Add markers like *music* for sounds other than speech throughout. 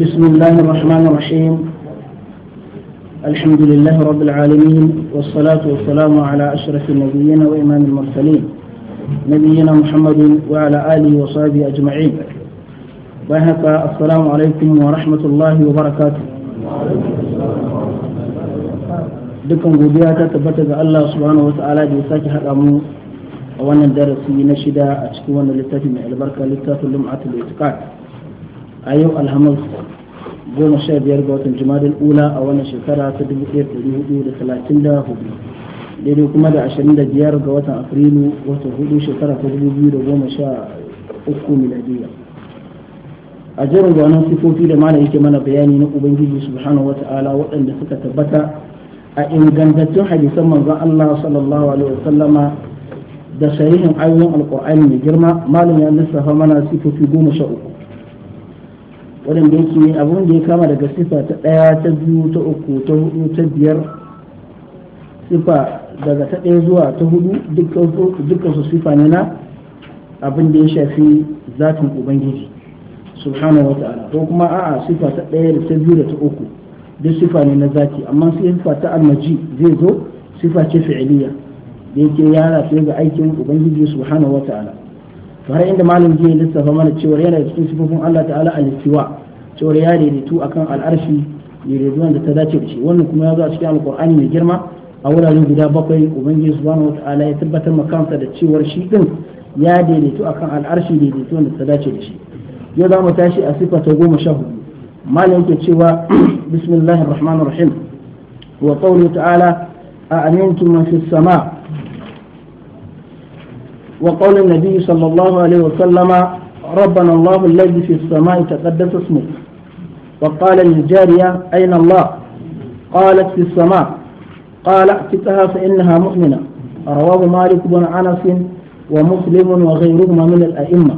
بسم الله الرحمن الرحيم الحمد لله رب العالمين والصلاة والسلام على أشرف النبيين وإمام المرسلين نبينا محمد وعلى آله وصحبه أجمعين وهكا السلام عليكم ورحمة الله وبركاته دكم godiya ta الله سبحانه وتعالى subhanahu wata'ala da ya sake haɗa mu a wannan darasi na shida a cikin a yau alhamis goma sha biyar ga watan jumadal ula a wannan shekara ta dubu ɗaya ɗari hudu da talatin da hudu daidai kuma da ashirin da biyar ga watan afrilu watan hudu shekara ta dubu biyu da goma sha uku miladiyya a jerin gwanon sifofi da mana yake mana bayani na ubangiji subhanahu wata'ala waɗanda suka tabbata a ingantattun hadisan manzon Allah sallallahu alaihi wa wasallama da sahihin ayoyin alqur'ani mai girma malam ya lissafa mana sifofi goma sha uku waɗanda yake abin da ya kama daga sifa ta ɗaya ta biyu ta uku ta hudu ta biyar sifa daga ta ɗaya zuwa ta hudu dukkan su sifa ne na abin da ya shafi zatin ubangiji subhanahu wa ta'ala ko kuma a'a sifa ta ɗaya da ta biyu da ta uku duk sifa ne na zati amma sifa ta almaji zai zo sifa ce fi'iliya da yake yara sai ga aikin ubangiji subhanahu wa ta'ala har inda malam ji lissafa mana cewa yana da cikin sifofin Allah ta'ala al-istiwa cewar ya daidaitu akan al'arshi daidaituwan da ta dace da shi wannan kuma ya zo a cikin alkur'ani mai girma a wuraren guda bakwai ubangiji subhanahu wataala ya tabbatar ma da cewar shi din ya daidaitu akan al'arshi daidaituwan da ta dace da shi yau za mu tashi a sifa ta goma sha hudu malam yake cewa *clears throat* bismillahir rahmanir rahim wa qawlu ta'ala a amintum man fis sama wa qawlu sallallahu alaihi wa sallama ربنا الله الذي في السماء تقدس اسمك وقال للجارية أين الله قالت في السماء قال اعتقها فإنها مؤمنة رواه مالك بن أنس ومسلم وغيرهما من الأئمة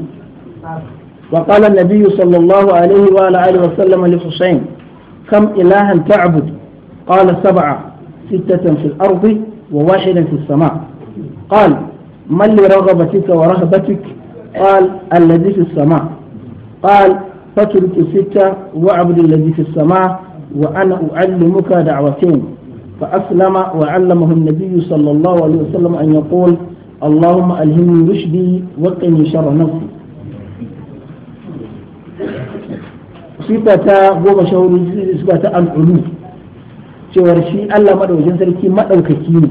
وقال النبي صلى الله عليه وآله وسلم لحسين كم إلها تعبد قال سبعة ستة في الأرض وواحدا في السماء قال من لرغبتك ورهبتك قال الذي في السماء قال فترك ستة وعبد الذي في السماء وأنا أعلمك دعوتين فأسلم وعلمه النبي صلى الله عليه وسلم أن يقول اللهم ألهمني رشدي وقني شر نفسي صفة قوم شهور صفة العلو cewar shi Allah madaukakin sarki madaukaki ne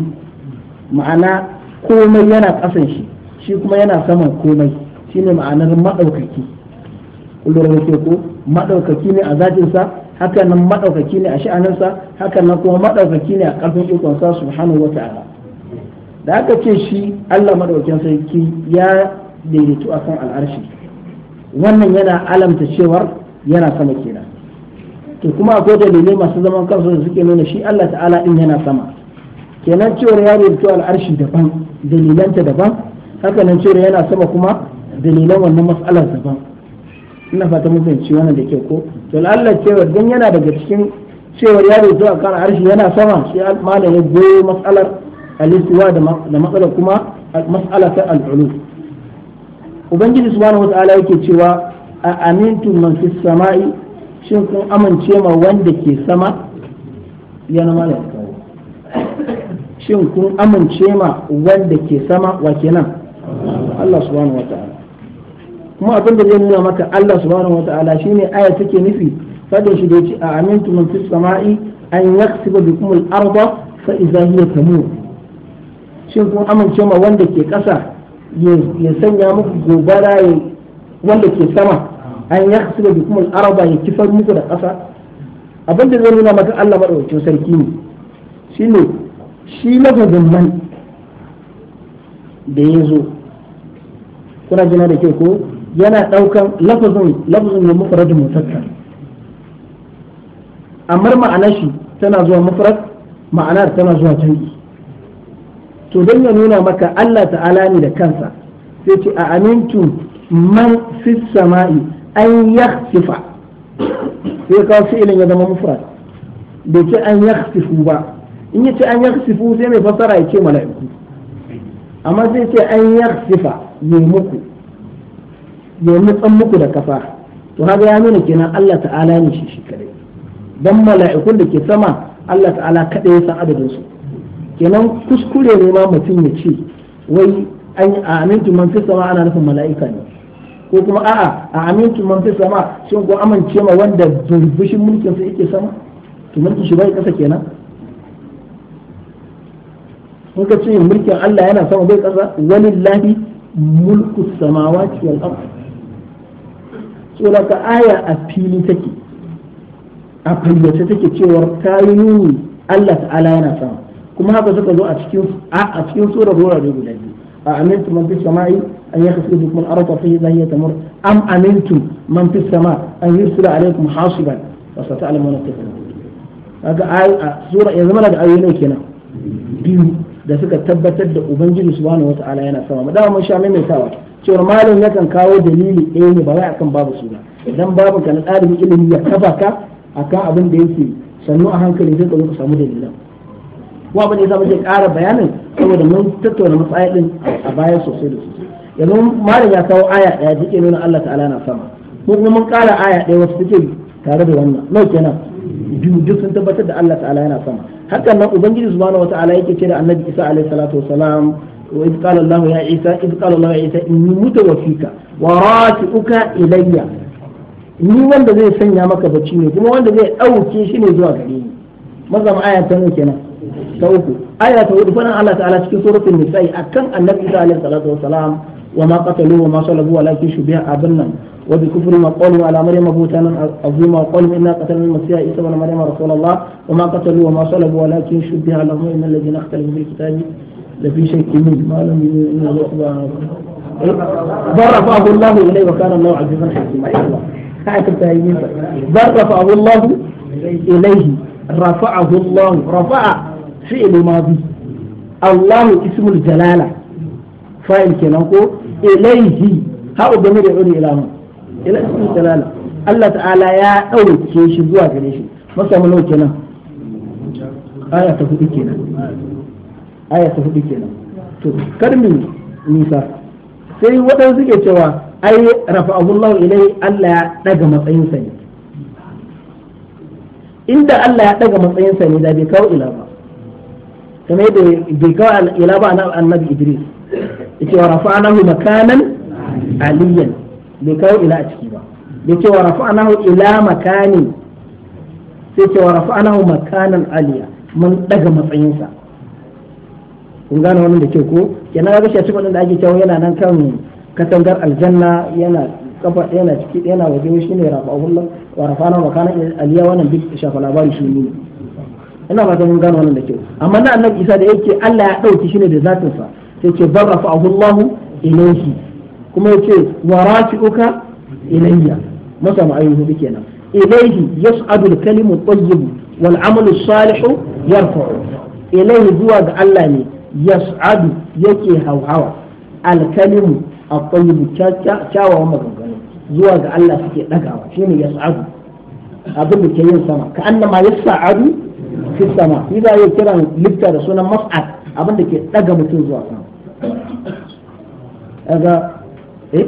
ma'ana komai yana ƙasan shi shi kuma yana saman komai shine ma'anar madaukaki kullum da ko madaukaki ne a zatinsa haka nan madaukaki ne a sha'aninsa haka nan kuma madaukaki ne a ƙarfin ikonsa subhanahu wata'ala da aka ce shi Allah madaukakin sarki ya daidaitu akan al'arshi wannan yana alamta cewar yana sama kenan to kuma akwai dalilai masu zaman kansu da suke nuna shi Allah ta'ala din yana sama kenan cewar ya daidaitu al'arshi daban dalilanta daban haka nan cewar yana sama kuma dalilan wannan mas'alar ba ina fata mu fahimci wannan da ke ko to Allah cewa dan yana daga cikin cewar yaro zuwa kan arshi yana sama sai malamin ya goyo mas'alar al-istiwa da matsalar kuma mas'alar ta al-ulu ubangiji subhanahu wata'ala yake cewa a amintu man fi sama'i shin kun amince ma wanda ke sama yana malam shin kun amince ma wanda ke sama wa kenan Allah subhanahu wata'ala kuma abin da zai nuna maka Allah subhanahu wataala shine aya take nufi fadin shi da yace a amintu man fis sama'i an yaktiba bikum al-arda fa idza hiya tamur shin kun amince ma wanda ke kasa ya sanya muku gobara wanda ke sama an yaktiba bikum al-arda ya kifar muku da kasa abin da zai nuna maka Allah madaukakin sarki ne shine shi lafazin man da ya zo kuna jina da ke ko yana daukan lafazin lafazin na mufrad mutakkar amma ma'anar shi tana zuwa mufrad ma'anar tana zuwa jam'i to dan ya nuna maka Allah ta'ala ne da kansa sai ce a amintu man fis sama'i an yakhsifa sai ka ilin ya zama mufrad bai ce an yakhsifu ba in ce an yakhsifu sai mai fasara ya ce mala'iku amma sai ce an yakhsifa yi muku ya tsan muku da kafa to haka ya nuna kenan Allah ta'ala ne shi shi kadai dan mala'ikun da ke sama Allah ta'ala kadai ya san adadin su kenan kuskure ne ma mutum ya ce wai an amintu man fi sama ana nufin mala'ika ne ko kuma a'a a amintu man fi sama shin ko amince ma wanda burbushin mulkin sa yake sama to mulkin shi bai kasa kenan in ka ce mulkin Allah yana sama bai kasa walillahi mulku samawati wal ardh tsoraka aya a fili take a fayyace take cewar ta yi nuni Allah ta'ala yana sama kuma haka suka zo a cikin a cikin surar wurare guda biyu a amintum man fi sama'i an yi yakhsifa kuma al-ardha fihi zahiya tamur am amintum man fi sama' an yi yursila alaykum hasiban wa sata'lamuna kayfa kaga ayi sura ya zama da ayoyi ne kenan biyu da suka tabbatar da ubangiji subhanahu wata'ala yana sama mu da mun sha mai maimaitawa cewar malam yakan kawo dalili ɗaya ne ba wai akan babu suna idan babu ka na ɗalibin ilimi ya kafa ka akan abin da yake sannu a hankali zai ka samu dalilan wa ba ne za kara ƙara bayanin saboda mun tattauna matsayi ɗin a baya sosai da sosai yanzu malam ya kawo aya ɗaya duk nuna Allah ta'ala na sama mu kuma mun ƙara aya ɗaya wasu take tare da wannan nau kenan biyu duk sun tabbatar da Allah ta'ala yana sama hakan nan ubangiji subhanahu wata'ala yake ce da annabi Isa alaihi salatu wasalam wa idh qala Allah ya Isa idh qala Allah ya Isa inni mutawaffika wa rafi'uka ilayya ni wanda zai sanya maka bacci ne kuma wanda zai dauke shi ne zuwa gare ni mazam aya ta ne kenan ta uku aya ta hudu fadan Allah ta'ala cikin suratul nisa'i akan annabi Isa alaihi salatu wasalam وما قتلوه وما صلبوه ولكن شبه أبنا وبكفر ما قالوا على مريم بوتانا عظيما وقالوا إنا قتلنا المسيح عيسى بن مريم رسول الله وما قتلوه وما صلبوه ولكن شبه لهم إن الذين اختلفوا في الكتاب لفي شك منه ما لم يؤمنوا بل رفعه الله إليه وكان الله عزيزا حكيما بل رفعه الله إليه رفعه الله رفع فعل ماضي الله اسم الجلالة فاعل كنقول ilaihi haɗu game da yawon ilahun ilaihi talala Allah ta'ala ya ɗauke shi zuwa gare shi masa mu nauke nan aya ta hudu kenan aya ta hudu kenan to karmi nisa sai waɗansu suke cewa ai rafa abullahu ilai Allah ya ɗaga sa ne inda Allah ya ɗaga sa ne da bai kawo ila ba kamar yadda bai kawo ila ba annabi Idris yace wa rafa'nahu makanan aliyan bai kawo ila a ciki ba yace wa rafa'nahu ila makani sai ce wa rafa'nahu makanan aliya mun daga matsayinsa kun gane wannan da ke ko yana ga shi cikin da ake cewa yana nan kan katangar aljanna yana kafa yana ciki yana waje shi ne rafa'ullah wa rafa'nahu makanan aliya wannan duk shafa labari shi ne ina ba ta mun gane wannan da kyau amma na annabi isa da yake Allah ya dauki shi ne da zatinsa. yace barrafa Allahu ilayhi kuma yace warati'uka ilayya masa ma'ayuhu kenan ilayhi yas'adu al-kalimu at-tayyib wal 'amalu as-salihu yarfa'u ilayhi zuwa ga Allah ne yas'adu yake hauhawa al-kalimu at-tayyib maganganu zuwa ga Allah suke dagawa shine yas'adu abin da ke yin sama ka annama yas'adu fi sama shi za ya kira litta da sunan mas'ad abin da ke daga mutum zuwa sama kaga eh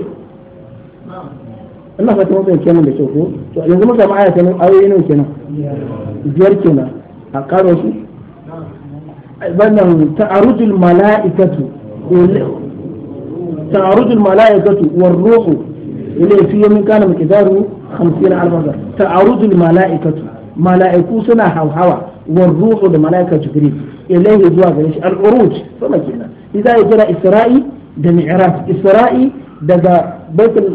Allah fata mun kenan da kyau ko to yanzu muka ma'aya aya kenan ayoyi nan kenan biyar kenan a karo su bannan ta'arujul mala'ikatu ta'arujul mala'ikatu war ruhu ilai fi yamin kana miqdaru 50 alfa ta'arujul mala'ikatu mala'iku suna hawhawa war ruhu da mala'ikatu jibril ilaihi zuwa gare shi al-uruj kenan idza ya kira isra'i da mi'raj isra'i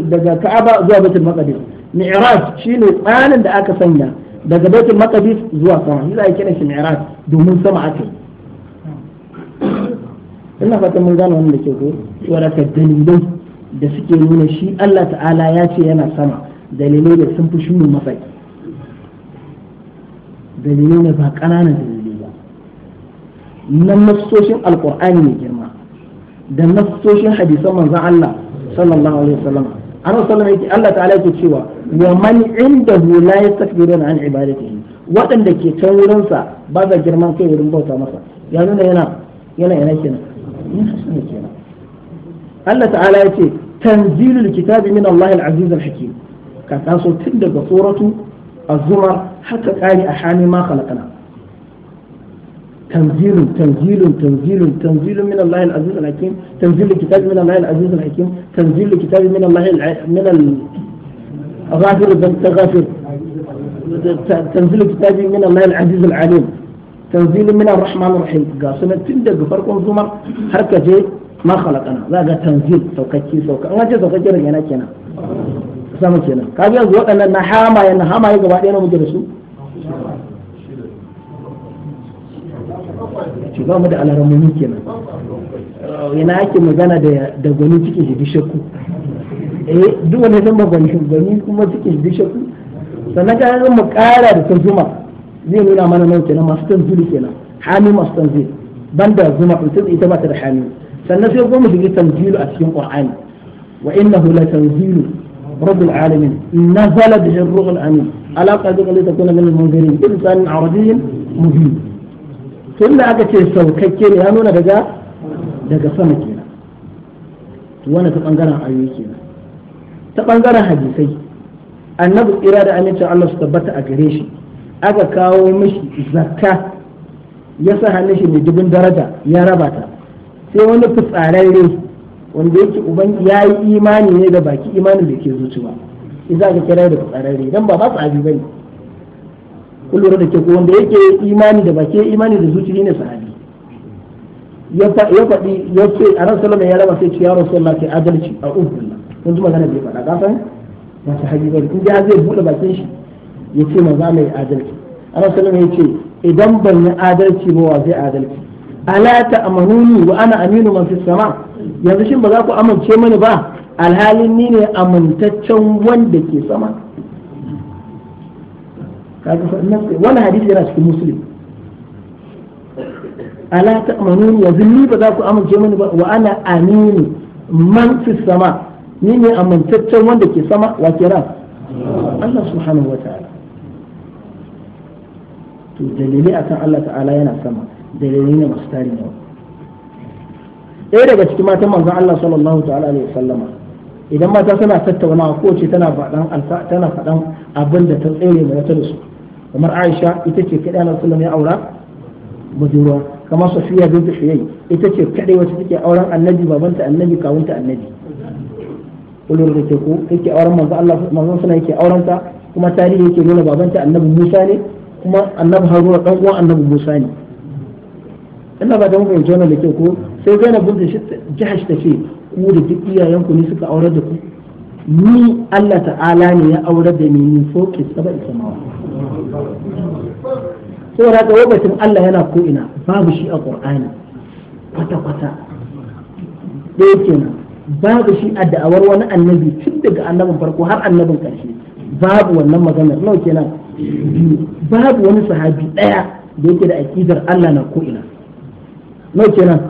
daga ka'aba zuwa baitul maqdis mi'raj shine tsanin da aka sanya daga baitul maqdis zuwa sama idza ya kira shi mi'raj domin sama aka yi ina fatan mun gano wannan da ke ko wadaka dalilai da suke nuna shi Allah ta'ala ya ce yana sama dalilai da sun fi shuru masai dalilai ne ba ƙananan dalilai na nassoshin alkur'ani mai girma da nassoshin hadisan manzon Allah sallallahu alaihi wasallam an sallallahu yake Allah ta'ala yake cewa wa man indahu la yastakbiruna an ibadatihi waɗanda ke can wurin sa ba za girman kai wurin bauta masa ya nuna yana yana yana kenan yana Allah ta'ala yake tanzilul kitabi min Allah al-aziz al-hakim ka taso tun daga suratu az-zumar haka kari a hami ma khalaqna تنزيل تنزيل تنزيل تنزيل من الله العزيز الحكيم تنزيل الكتاب من الله العزيز الحكيم تنزيل الكتاب من الله من الغافر الغافر تنزيل الكتاب من الله العزيز العليم تنزيل من الرحمن الرحيم قاسنا تندق فرق زمر هركة ما خلقنا لا تنزيل سوكتي سوكا أنا جا سوكتي رجعنا كنا سامو كنا كابي أقول أن نحاما ينحاما يقبل أنا مجلسو ce ba mu da alaramomi kenan ina ake magana da gwani cikin shi bishakku eh duk wanda san ba gwani kuma cikin shi sannan ka yi mu kara da zuma zai nuna mana nan kenan masu tanzili kenan hami masu tanzil banda zuma ta ita ba ta da hami sannan sai goma shiga tanzilu a cikin qur'ani wa innahu la tanzilu رب العالمين نزل به الروح الامين على قدر لتكون من المنذرين بلسان عربي مبين tun da aka ce saukakke ne ya nuna daga daga sama kenan to wannan ta bangaren ayoyi kenan ta bangaren hadisai annabi tsira da amincin Allah su tabbata a gare shi aka kawo mishi zakka ya sa hannun shi mai dubin daraja ya raba ta sai wani fitsararre wanda yake uban ya yi imani ne da baki imanin da ke zuciya idan ka kira da fitsararre dan ba ba su abi bane kullum da ke ko wanda yake imani da bake imani da zuciya ne sahabi ya faɗi ya ce a ran salama ya raba sai ce ya rasu ke adalci a ubullah kun ji magana bai fada kasan ba su haji bari in zai buɗe bakin shi ya ce maza mai adalci a ran salama ya ce idan ban yi adalci ba wa zai adalci ala ta amanuni wa ana aminu man fis sama yanzu shin ba za ku amince mani ba alhalin ni ne amintaccen wanda ke sama kaga fa inna wala hadisi yana cikin muslim ala ta'manun yanzu ni ba za ku amince mani ba wa ana aminu man fi sama ni ne amintaccen wanda ke sama wa kira Allah subhanahu wa ta'ala to dalili akan Allah ta'ala yana sama dalilai ne masu tarin yawa ɗaya daga cikin matan manzon Allah sallallahu ta'ala alaihi wasallama idan mata suna tattaunawa ko ce tana faɗan tana faɗan abin da ta tsere mai ta da su kamar Aisha ita ce kadai na sallallahu ya aura budurwa kamar Safiya bin tafiya ita ce kadai wacce take auren Annabi babanta Annabi kawunta Annabi kullum da ke ku take auren manzo Allah manzo suna yake auren ta kuma tarihi yake nuna babanta Annabi Musa ne kuma Annabi Haruna dan uwan Annabi Musa ne ina ba da mun fahimci wannan da ke ko sai Zainab bint Jahash ta ce ku da duk iyayenku ne suka aurar da ku ni Allah ta'ala ne ya aurar da ni ni foke saba isamawa saboda ga lokacin Allah yana ko'ina. babu shi a ƙur'ani kwata kwata dai kenan babu shi a da'awar wani annabi tun daga annabin farko har annabin ƙarshe. babu wannan maganar nawa kenan biyu babu wani sahabi ɗaya da yake da aƙidar Allah na ko'ina. ina nawa kenan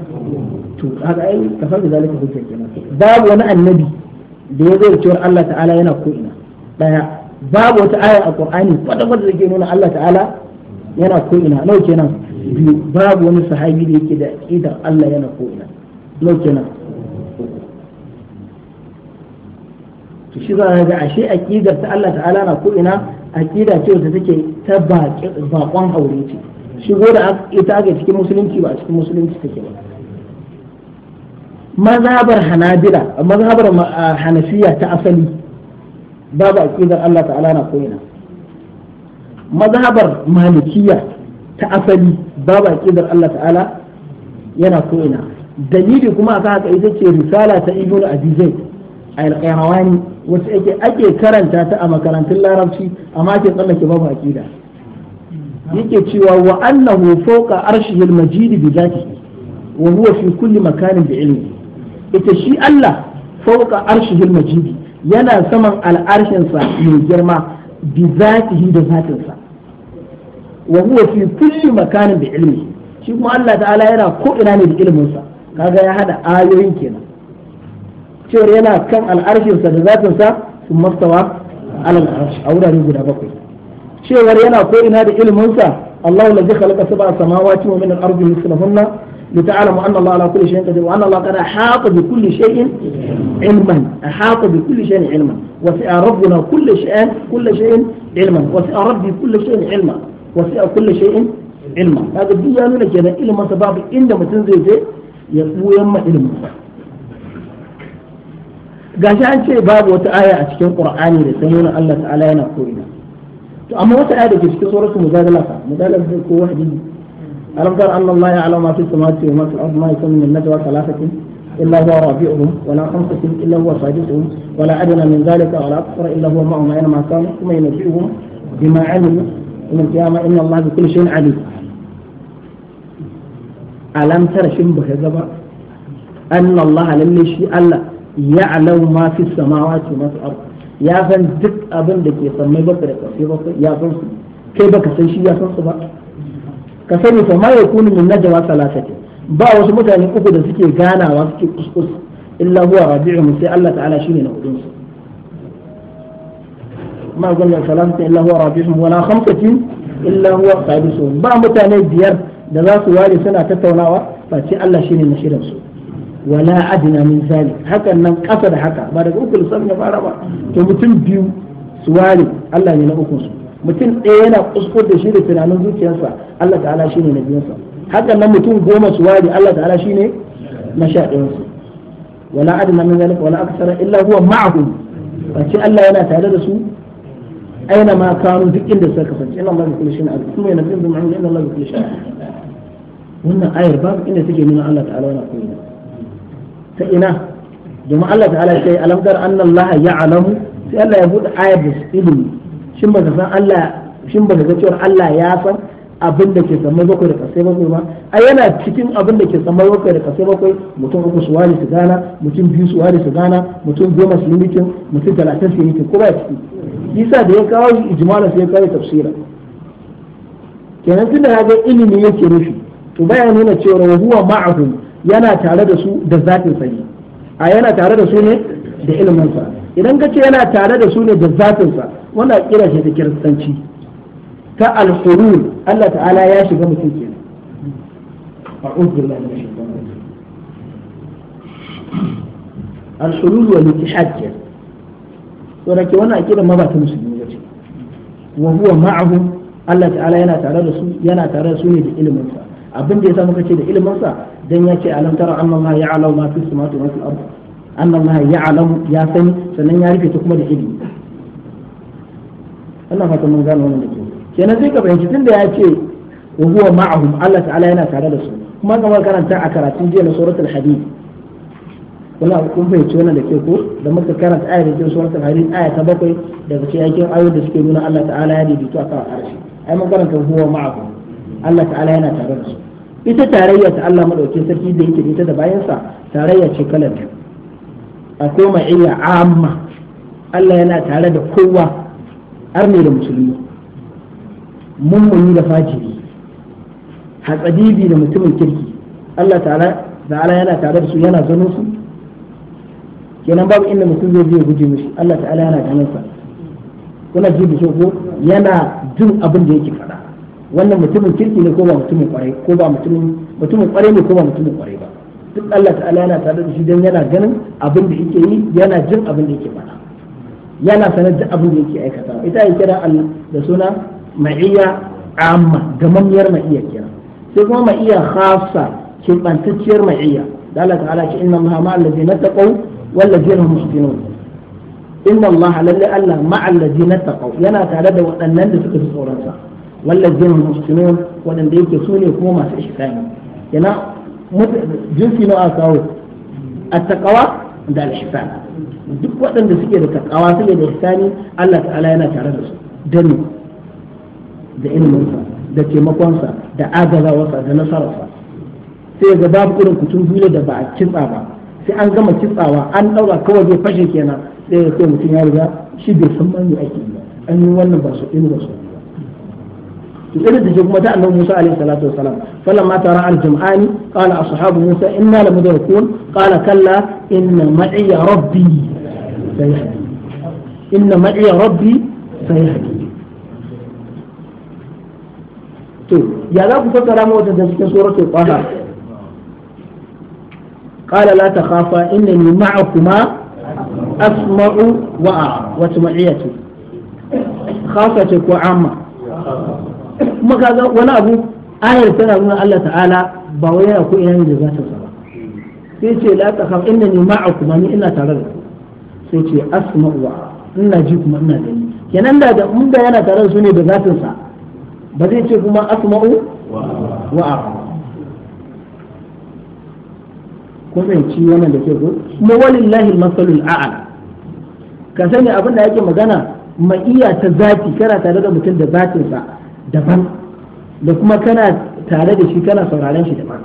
to haka ai ka san da zalika hujja kenan babu wani annabi da ya zai cewa Allah ta'ala yana ko'ina. Ɗaya. babu wata aya a qur'ani kwata kwata da ke nuna Allah ta'ala yana ko'ina ina nau kenan biyu babu wani sahabi da yake da idan Allah yana ko'ina ina nau kenan to shi za ga ashe aqidar ta Allah ta'ala na ko'ina ina aqida ce wacce take ta baƙon aure ce shigo da ita ake cikin musulunci ba a cikin musulunci take ba mazhabar hanabila mazhabar hanafiya ta asali babu aqidar Allah ta'ala na koyina mazhabar malikiya ta asali babu aqidar Allah ta'ala yana koyina dalili kuma aka haka ita ce risala ta ibnu abizai a qayrawani wace ake ake karanta ta a makarantun larabci amma ke tsallake babu aqida yake cewa wa annahu fawqa arshihi al-majid bi dhatihi wa huwa fi kulli makanin bi ilmi ita shi Allah fawqa arshihi al-majid yana saman al'arshinsa mai girma bi zatihi da zatinsa wa huwa fi kulli makanin bi ilmi shi kuma Allah ta'ala yana ko ina ne da ilminsa kaga ya hada ayoyin kenan cewar yana kan al'arshinsa da zatinsa sun mastawa alal arsh a wurare guda bakwai cewar yana ko ina da ilminsa Allahu ladzi khalaqa sab'a samawati wa min al-ardi mislahunna لتعلموا أن الله على كل شيء قدير وأن الله قد أحاط بكل شيء علما أحاط بكل شيء علما وسع ربنا كل شيء كل شيء علما وسع ربي كل شيء علما وسع كل شيء علما هذا الدنيا من كان ما سبب عندما تنزل فيه يقوى يما علما قاشان شيء باب وتآية في القرآن لسنون الله تعالى ينقوينا أما وتآية في سورة مزادلة مزادلة في واحد ألم تر أن الله يعلم ما في السماوات وما في الأرض ما يكون من نجوى ثلاثة إلا هو رابعهم ولا خمسة إلا هو سادسهم ولا أدنى من ذلك ولا أكثر إلا هو معهم أينما كانوا ثم ينبئهم بما علموا يوم القيامة إن الله بكل شيء عليم ألم تر شنبه جبا أن الله للي شيء الله يعلم ما في السماوات وما في الأرض يا فن دك أبن دك يسمي بكرة يا فن كيف بكسي شيء يا فن صباح ka sani fa ma yakunu min najwa salasati ba wasu mutane uku da suke ganawa suke kuskus illa huwa rabi'uhum sai Allah ta'ala shine na hudun su ma qulna salasati illa huwa rabi'uhum wala khamsatin illa huwa sadisuhum ba mutane biyar da za su ware suna tattaunawa ba ce Allah shine na shirin su wala adna min zalik hakan nan kasa da haka ba daga uku lissafin ya fara ba to mutum biyu su ware Allah ne na uku su mutum ɗaya yana kuskur da shi da tunanin zuciyarsa Allah ta'ala ne na biyansa hakan nan mutum goma su wari Allah ta'ala ne na sha ɗayansu wala adna min zalika wala aksara illa huwa ma'ahum face Allah yana tare da su aina ma kanu duk inda suka kasance inna Allah bi kulli shay'in alim kuma yana bin mu'min inna Allah bi kulli shay'in wannan ayar babu inda take nuna Allah ta'ala yana koyi ta ina domin Allah ta'ala sai alamkar anna Allah ya'lamu sai Allah ya bude ayar da ilimi shin ba san Allah shin ba ga cewa Allah ya san abin da ke tsammai bakwai da kasai bakwai ba a yana cikin abin da ke tsammai bakwai da kasai bakwai mutum uku su ware su gana mutum biyu su ware su gana mutum goma su limitin mutum talatin su limitin mitin ko ba ciki isa da ya kawo shi ijimala sai ya kawo tafsira kenan tun da ya ga ilimi yake rufi to baya nuna cewa wahuwa huwa ma'ahum yana tare da su da zafin sani a yana tare da su ne da ilimin sa idan ka ce yana tare da su ne da zafin sa wannan kira shi da kiristanci ta al-hulul Allah ta'ala ya shiga mutum kenan a'udhu billahi minash shaitanir rajim al-hulul wal ittihad to da ke wannan akidar ma ba ta musulmi ba ce wa huwa ma'ahum Allah ta'ala yana tare da su yana tare da su ne da ilimin sa abin da yasa muka ce da ilimin sa dan yace alam tara anna Allah ya'lamu ma fi samawati wa fil ardh anna Allah ya'lamu ya sani sannan ya rufe ta kuma da ilimi Allah fata mun gane wannan da ke kenan sai ka fahimci tunda ya ce wa huwa ma'ahum Allah ta'ala yana tare da su kuma kamar karanta a karatun jiya na suratul hadid kuna kun fahimci wannan da ke ko da muka karanta ayar da ke suratul hadid aya ta bakwai daga cikin ayoyin da suke nuna Allah ta'ala ya daidaito a kan arshi ai mun karanta huwa ma'ahum Allah ta'ala yana tare da su ita tarayya ta Allah madaukakin sarki da yake ita da bayansa tarayya ce kalar biyu akwai ma'iyya amma Allah yana tare da kowa har ne da musulmi mummuni da fajiri hatsadibi da mutumin kirki Allah ta'ala yana tare da su yana zanen su kenan babu inda mutum zai biya guje mishi Allah ta'ala yana ganin sa kuna ji da ko yana jin abin da yake faɗa wannan mutumin kirki ne ko ba mutumin kwarai ko ba mutumin mutumin kwarai ne ko ba mutumin kwarai ba duk Allah ta'ala yana tare da shi dan yana ganin abin da yake yi yana jin abin da yake faɗa yana sanar da abin da yake aikata ita ya kira da suna ma'iyya amma gamammiyar ma'iyya kira sai kuma ma'iyya khassa kimbantacciyar ma'iyya da Allah ta'ala ce inna Allah ma'al na taqaw wal ladina hum muhsinun inna Allah lalle Allah ma'al ladina taqaw yana tare da waɗannan da suka fi tsoron sa wal ladina hum muhsinun waɗanda yake su ne kuma masu ihsani yana jinsi na akawo at-taqwa da al-ihsan duk waɗanda suke da taqwa suke da ihsani Allah ta'ala yana tare da su dani da ilminsa da taimakonsa da agazawarsa da nasararsa sai ga babu irin kutun hula da ba a kitsa ba sai an gama kitsawa an ɗaura kawai zai fashe kenan sai ya kai mutum ya riga shi bai san ma me ake yi an yi wannan ba su ɗin ba su to irin da kuma ta annabi Musa alaihi salatu wasalam falamma tara al-jam'ani qala ashabu Musa inna lamudrakun qala kalla inna ma'iya rabbi sayahdi inna ma'iya rabbi sayahdi to ya za ku fassara mu wata da cikin suratul qaha qala la takhafa innani ma'akuma asma'u wa a'a wa tuma'iyatu khasa ce ko amma kuma kaga wani abu ayar tana nuna Allah ta'ala ba wai yana ko ina ne da za ta ba sai ce la takhafa innani ma'akuma ni ina tare da sai ce asma'u wa a'a ina ji kuma ina gani kenan da mun da yana tare da su ne da zatin sa ba zai ce kuma asma'u wa ko zai ci wannan da ke ko kuma walillahi masalul a'ala ka sani abin da yake magana ma'iya ta zafi kana tare da mutum da zatinsa daban da kuma kana tare da shi kana sauraren shi daban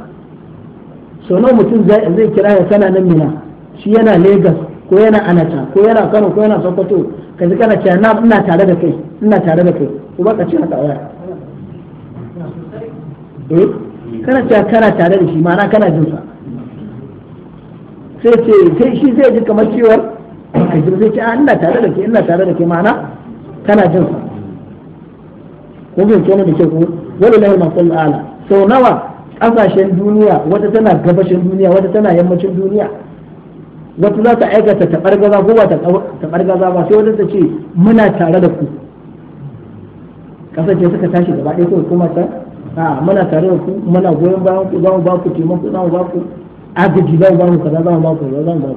sau nawa mutum zai kira ya kana nan mina shi yana lagos ko yana anata ko yana kano ko yana sokoto ka ji kana cewa ina tare da kai ina tare da kai ko ka ci haka waya eh kana ta tare da shi ma'ana kana jin sa sai ce sai shi zai ji kamar cewar ka ji sai ce a ah, ina tare da ke ina tare da ke ma'ana kana jin sa ko bin kenan da ke ko wani lahi ma kullu ala sau nawa kasashen duniya wata tana gabashin duniya wata tana yammacin duniya wata za ta aikata ta bargaza ko ba ta bargaza ba sai wata ta ce muna tare da ku kasance suka tashi gaba ɗaya kuma ta A'a muna tare da ku muna goyon bayan ku za mu ba ku taimako za mu ba ku agaji za mu ba ku kaza za mu ba ku za mu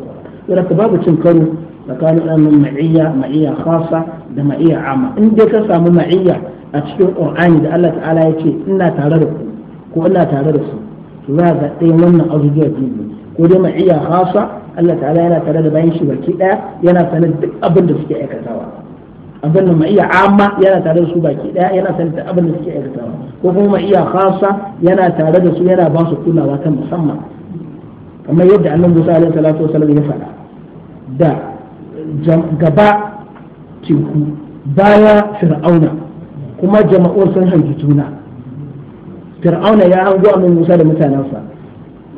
ba ku babu cin karo tsakanin ɗannan ma'iyya ma'iyya khasa da ma'iyya amma in dai ka samu ma'iyya a cikin ƙur'ani da Allah ta'ala ya ce ina tare da ku ko ina tare da su to za ga ɗaya wannan abubuwa biyu ko dai ma'iyya khasa Allah ta'ala yana tare da bayan shi baki ɗaya yana sanar duk abin da suke aikatawa abin ma iya amma yana tare da su baki daya yana tare da abin da suke aikatawa ko kuma iya khasa yana tare da su yana ba su kulawa ta musamman kamar yadda annabi Musa alaihi salatu wasallam ya faɗa da gaba teku baya fir'auna kuma jama'u sun hangi juna fir'auna ya hango annabi Musa da mutanensa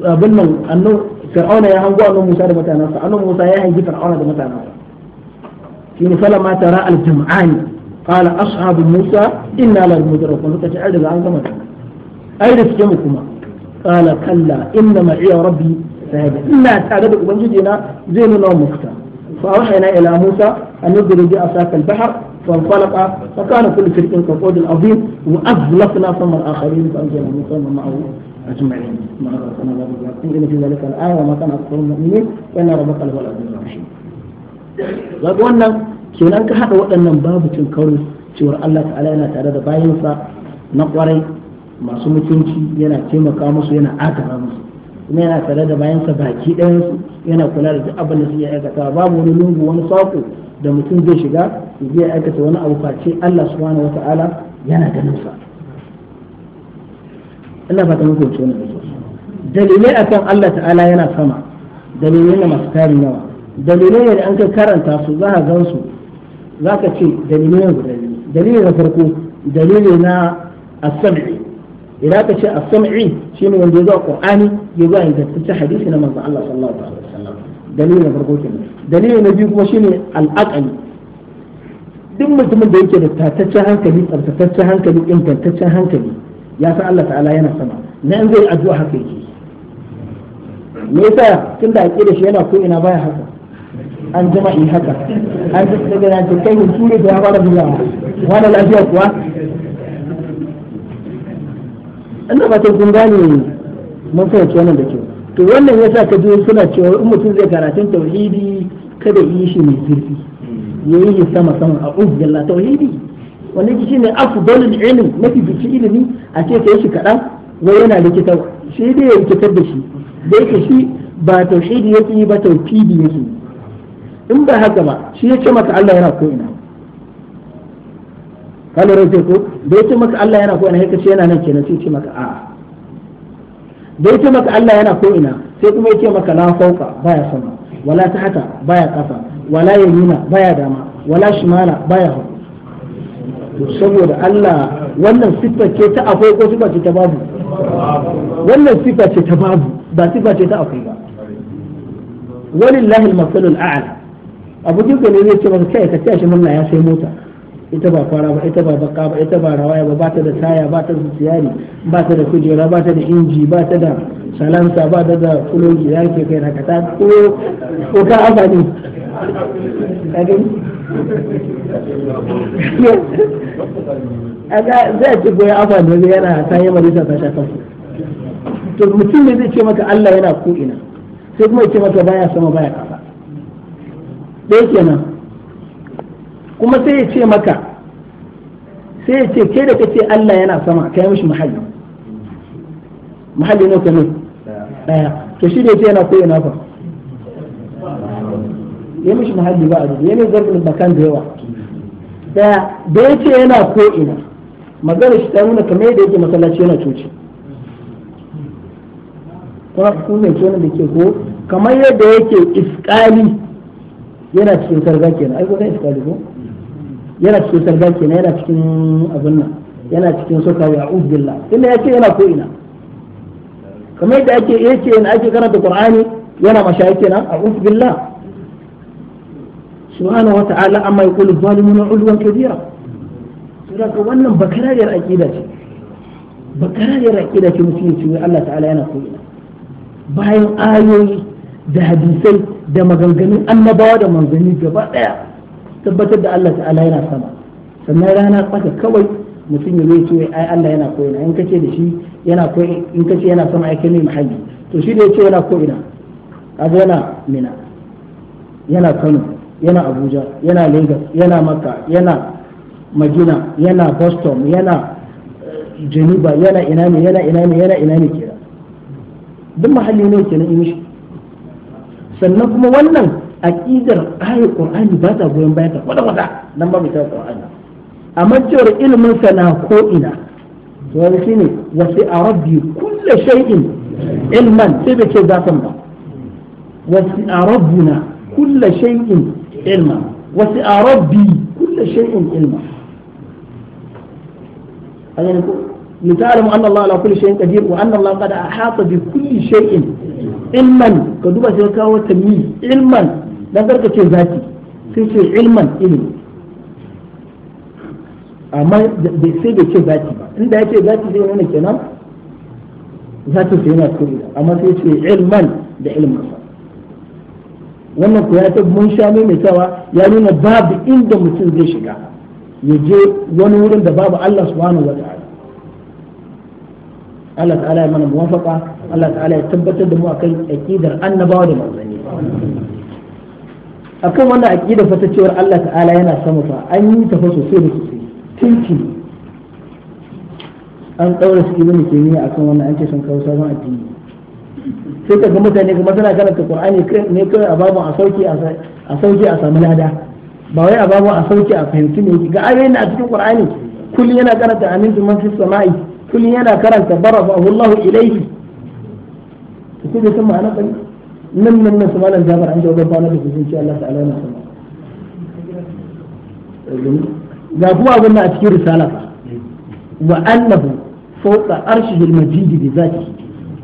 abin nan annabi fir'auna ya hango annabi Musa da mutanensa annabi Musa ya hangi fir'auna da mutanensa يقول فلما ترى الجمعان قال أصحاب موسى إنا للمدركون فتش أعد الآن كما أعد جمكما قال كلا إنما إيا ربي سيد إنا من جدنا زين ومكتا فأوحينا إلى موسى أن يدري جاء ساك البحر فانطلق فكان كل فرق كقود العظيم وأغلقنا ثم الآخرين فأنزل موسى ومعه أجمعين ما أردنا الله إن في ذلك الآية وما كان أكثر المؤمنين وإن ربك لهو العزيز الرحيم zaga wannan kenan ka hada waɗannan babu cin karo cewar Allah ta'ala yana tare da bayansa na kwarai masu mutunci yana taimaka musu yana atara musu kuma yana tare da bayansa baki ɗayansu yana kula da duk abin da suke aikata babu wani lungu wani saƙo da mutum zai shiga zai aikata wani abu face Allah subhanahu wata'ala yana ganin sa Allah ba ta muku wani dalilai akan Allah ta'ala yana sama dalilai na masu tarin yawa dalilai ne an kai karanta su za a gan su za ka ce dalilai ne guda biyu na farko dalilai na as idan ka ce as shi ne wanda ya zo a qur'ani ya zo a ingantaccen hadisi na manzon Allah sallallahu alaihi wasallam dalilai na farko kenan dalilai na biyu kuma shi ne aqli duk mutumin da yake da tataccen hankali tsarkakaccen hankali ingantaccen hankali ya san Allah ta'ala yana sama na in zai addu'a haka yake me yasa tunda aqida shi yana ko ina baya haka an jama'i haka an ji daga na ta kai ne da ya fara bugawa wani lafiya kuwa ina ba ta kun gane mun fahimci wannan da kyau to wannan yasa ka je suna cewa in mutum zai karatun tauhidi kada yi shi mai zurfi yi shi sama sama a uzzalla tauhidi wannan shi ne afdalul ilm mafi bici ilimi a ce ka yi shi kaɗan wai yana likita shi dai ya rikitar da shi da yake shi ba tauhidi yake yi ba tauhidi yake yi in ba haka ba shi ya ce maka Allah yana ko ina ka lura ko da ya ce maka Allah yana ko ina ya ce yana nan kenan sai ya ce maka a'a da ya ce maka Allah yana ko ina sai kuma ya ce maka la fauka baya sama wala tahta baya kafa wala yamina baya dama wala shimala baya hagu to saboda Allah wannan sifa ce ta akwai ko sifa ce ta babu wannan sifa ce ta babu ba sifa ce ta akwai ba walillahi al-masalul a'la abokin ka ne zai ce maka kai ka tashi murna ya sai mota ita ba kwara ba ita ba baka ba ita ba rawaya ba bata da taya bata da tsiyari bata da kujera bata da inji bata da salansa bata da kulogi ya ke kai naka ta ko ko ka ne *laughs* aga zai ce goyi ne zai yana ta yi marisa ta shafa to mutum ne zai ce maka Allah yana ko ina sai kuma ya ce maka baya sama baya kafa ɗaya kenan kuma sai ya ce maka sai ya ce ke da kace Allah yana sama kai mishi muhalli muhalli ne kamar daya to shi da yake yana ko na fa ya mishi muhalli ba a dubu ya mai zarfin bakan da yawa ɗaya da ce yana ko ina magana shi ta nuna kamar yadda yake masallaci yana coci kuma kuma mai da ke ko kamar yadda yake iskali yana cikin sarga kenan ai gobe iskali ko yana cikin sarga kenan yana cikin abin nan yana cikin soka ya ubillah tunda yace yana ko ina kamar yadda ake yace yana ake karanta qur'ani yana mashayi kenan a ubillah subhanahu wa ta'ala amma yaqulu zalimun ulwan kabira ka wannan bakarariyar aqida ce bakarariyar aqida ce mutum ya ce Allah ta'ala yana ko ina bayan ayoyi da hadisai da maganganun annabawa da manzanni gaba daya tabbatar da Allah ta'ala yana sama sannan rana kwata kawai mutum ya zai ce ai Allah yana ko ina in kace da shi yana ko in kace yana sama ai kai mahalli to shi da yace yana ko ina kaga yana mina yana Kano yana Abuja yana Lagos yana Makka yana Madina yana Boston yana eh, Geneva yana ina ne yana ina ne yana ina ne kira duk mahalli ne kenan in shi sannan kuma wannan aƙidar ayat ƙur'ani ba ta goyon bayan ta kwata kwata dan babu ta qur'ani amma cewar ilimin sa na ko ina to wani shine wasi rabbi shay'in ilman sai bai ce zafin ba shay'in rabbi shay'in ilman ka duba sai kawo mi ilman dan karka ce zaki sai ce ilman ilmi amma sai bai ce zaki ba inda ya ce zaki sai nuna kenan zaki sai yana kuri amma sai ce ilman da ilman wannan ku ya ta mun sha mai tawa ya nuna babu inda mutum zai shiga ya je wani wurin da babu Allah subhanahu wa ta'ala Allah ta'ala ya mana muwafaqa Allah ta'ala ya tabbatar da mu kan aqidar annabawa da manzanni akan wannan aqida fata cewar Allah ta'ala yana sama fa an yi tafa sosai da sosai tinki an daura su ibnu a akan wannan an ce sun kawo sabon addini sai ka ga mutane kuma tana karanta qur'ani ne kai a babu a sauki a sauki a samu lada ba wai a babu a sauki a fahimci ne ga ayoyin a cikin qur'ani kullum yana karanta amintu man fis sama'i kullum yana karanta barafa Allahu ilayhi su bai san ma'ana bane nan nan nan su malam jabar an shawo gaba da su ce Allah ta'ala yana sama ga kuma abin da a cikin risala fa wa annahu fawqa arshil majid bi zatihi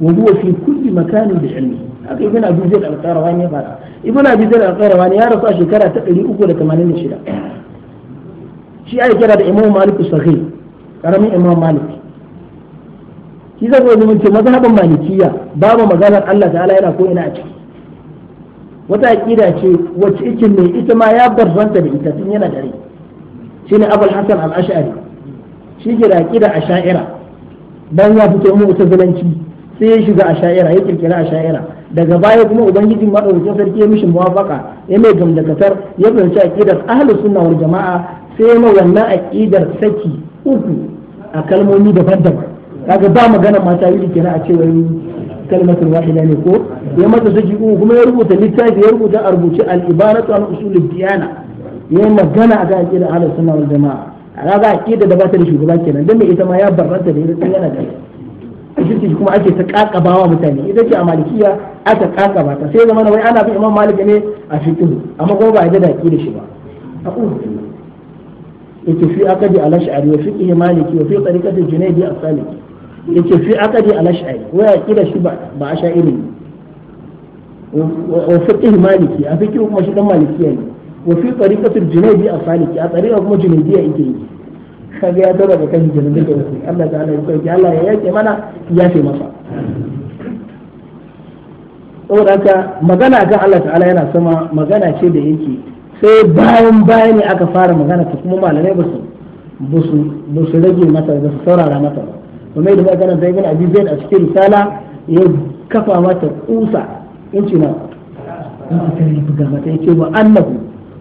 wa huwa fi kulli makanin bi ilmi haka ibn abi zaid al-qarawani ya fara ibn abi zaid al-qarawani ya rasu a shekara ta 386 shi ai kira da imam malik sahih karamin imam malik shi zan zo mun ce mazhabin malikiya babu maganar Allah ta'ala yana ko ina a ciki wata aqida ce wacce ikin ne ita ma ya barzanta da ita tun yana dare shine Abul Hasan al-Ash'ari shi ke da aqida asha'ira dan ya fito mu utazilanci sai ya shiga asha'ira ya kirkira asha'ira daga baya kuma ubangiji madaukakin sarki ya mishi muwafaka ya mai gamdakatar ya fahimci aqidar ahlus sunna wal jama'a sai ya wannan aqidar saki uku a kalmomi daban-daban kaga ba magana mata iri kenan a cewa kalmatul wahida ne ko ya mata saki uku kuma ya rubuta littafi ya rubuta a rubuce al ibaratu an usulid diyana ya magana a aqida ahlus sunna wal jamaa kaga aqida da ba ta da shugaba kenan dan me ita ma ya barranta da irin yana da shi kuma ake ta kakabawa mutane ita ce a malikiya aka kakaba ta sai zama wai ana bin imam malik ne a fiqh amma kuma ba ya da aqida shi ba a yake fi akadi al-ash'ari wa fiqh maliki wa fi tariqati junaydi as-saliki yace fi aqdi al-ash'ari wa yaqida shi ba ba ash'ari ne wa fiqh maliki a fiqh kuma shi dan malikiya ne wa fi tariqatul junaydi as-saliki a tariqa kuma junaydiya yake yi kaga ya dora da kan junaydi da wasu Allah ta'ala ya sauke Allah ya yake mana ya ce masa saboda haka magana kan Allah ta'ala yana sama magana ce da yake sai bayan bayan ne aka fara magana ta kuma malamai ba su ba su rage mata ba su saurara mata ba kuma yadda muka karanta ibn abi zaid a cikin risala ya kafa mata kusa inci na inci ta ne buga mata yake wa annahu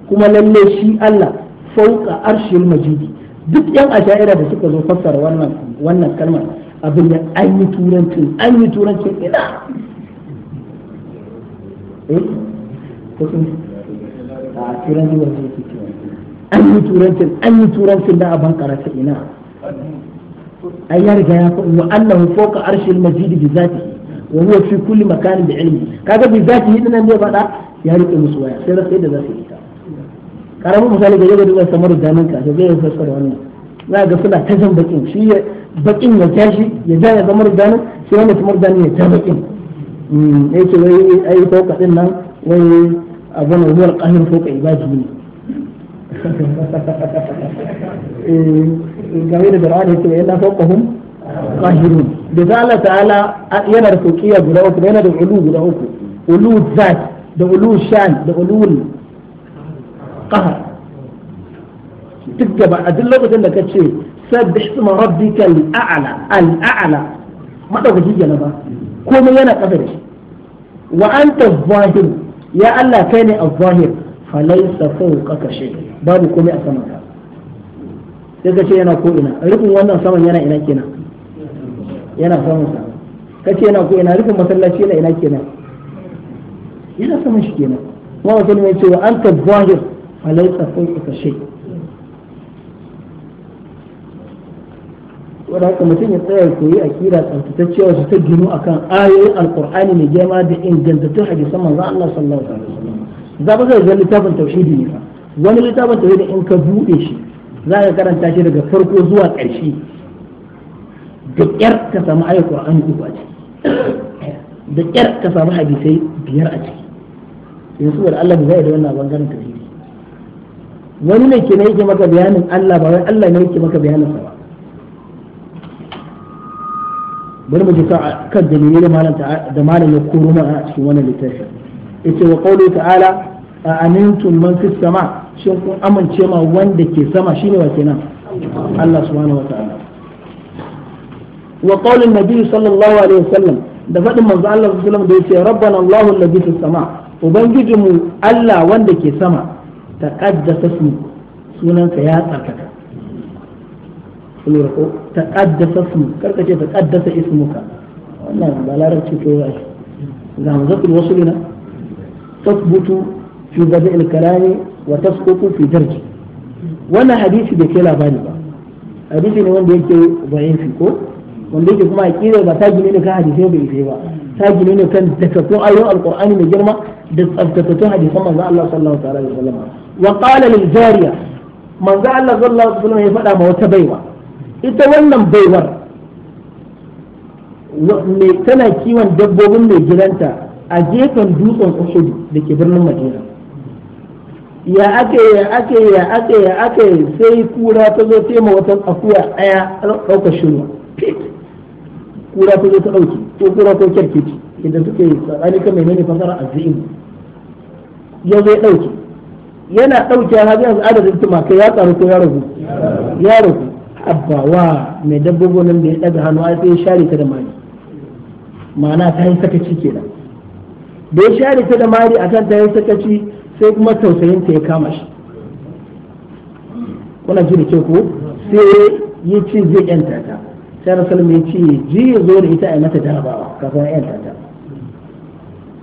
kuma lalle shi Allah fauka arshil majidi duk yan asha'ira da suka zo fassara wannan wannan kalmar abin da an yi turancin an yi turancin ina eh ko sun a turanci wanda yake an yi turancin an yi turancin da a bankara ta ina ai ya riga ya faɗi wa annahu fawqa arshil majid bi zatihi wa huwa fi kulli makanin bi ilmi kaga bi zatihi dinan ne faɗa ya rike musu waya sai rasa da za su yi ta karamin misali ga yadda duka samar da damin ka sai ya fassara wannan za ga suna ta jan bakin shi bakin ya tashi ya ja ya zama rudanin shi wanda kuma rudanin ya ta bakin ya ce wai ai fauka din nan wai abin da zuwa ƙahir fauka ibadi ne game da fir'auna yace wa illa fawqahum qahirun da za Allah ta'ala yana da fawqiyya guda uku yana da ulu guda uku ulu zat da ulu shan da ulu qahar duk gaba a duk lokacin da kace sabbih isma rabbikal a'la al a'la madaukaki kenan ba komai yana kafa da shi wa anta zahir ya Allah kai ne az-zahir falaysa fawqaka shay babu komai a samanka sai ka ce yana ko ina rufin wannan saman yana ina kenan yana saman sa ka ce yana ko ina rufin masallaci yana ina kenan yana saman shi kenan kuma wasu ne ce wa anta zahir alaika fawqa shay wanda haka mutum ya tsaya koyi a kira tsantsatacciya wasu ta ginu akan ayoyin alkur'ani mai girma da ingantattun hadisan manzo Allah sallallahu alaihi wasallam za ba ga littafin tauhidi ne ba wani littafin tauhidi in ka bude shi za ka karanta shi daga farko zuwa ƙarshe da ƙyar ka samu ayat qur'ani uku a ciki da ƙyar ka samu hadisai biyar a ciki yanzu saboda Allah bai da wannan bangaren tauhidi wani ne ke ne yake maka bayanin Allah ba wai Allah ne yake maka bayanin sa ba bari mu ji kan dalilai da malam da malam ya koro mana a cikin wannan littafin yace wa qawlu ta'ala a amintum man fis sama' shin kun amince ma wanda ke sama shine wa kenan Allah subhanahu wataala wa qaulin nabi sallallahu alaihi wasallam da faɗin manzo Allah sallallahu alaihi wasallam da yace rabbana Allahu alladhi fis sama ubangijinmu Allah wanda ke sama taqaddasa sunan sunanka ya tsarkaka lura ko taqaddasa ismi karka ce taqaddasa ismuka wannan ba larabci ko ya ga mu zaku wasulina tasbutu fi bada'il kalami wa tasqutu fi darji wannan hadisi bai kai labari ba hadisi ne wanda yake da'ifi ko wanda yake kuma aqida ba ta gine ne kan hadisi bai kai ba ta gine ne kan takattun ayoyin alqur'ani mai girma da tsaftatattun hadisan manzo Allah sallallahu alaihi wasallam wa qala lil jariya manzo Allah sallallahu alaihi ya faɗa ma wata baiwa ita wannan baiwar tana kiwon dabbobin mai gidanta a gefen dutsen Uhud da ke birnin Madina ya ake ya ake ya ake ya ake sai kura ta zo tema wata akuya ɗaya ɗaukar shirwa kura ta zo ta ɗauki ko kura ko kyarkeci idan suke tsakani kan menene fasara azim ya zo ya ɗauki yana ɗauke har yanzu adadin tumakai ya karu ko ya ragu ya ragu abba wa mai dabbobo nan da ya ɗaga hannu ai sai ya share ta da mari ma'ana ta yi sakaci kenan da ya share ta da mari akan ta yi sakaci sai kuma tausayin ta ya kama shi kuna ji da ke ko sai ya ce zai yanta ta sai na rasul mai ce ji ya zo da ita a mata jarabawa kafin ya yanta ta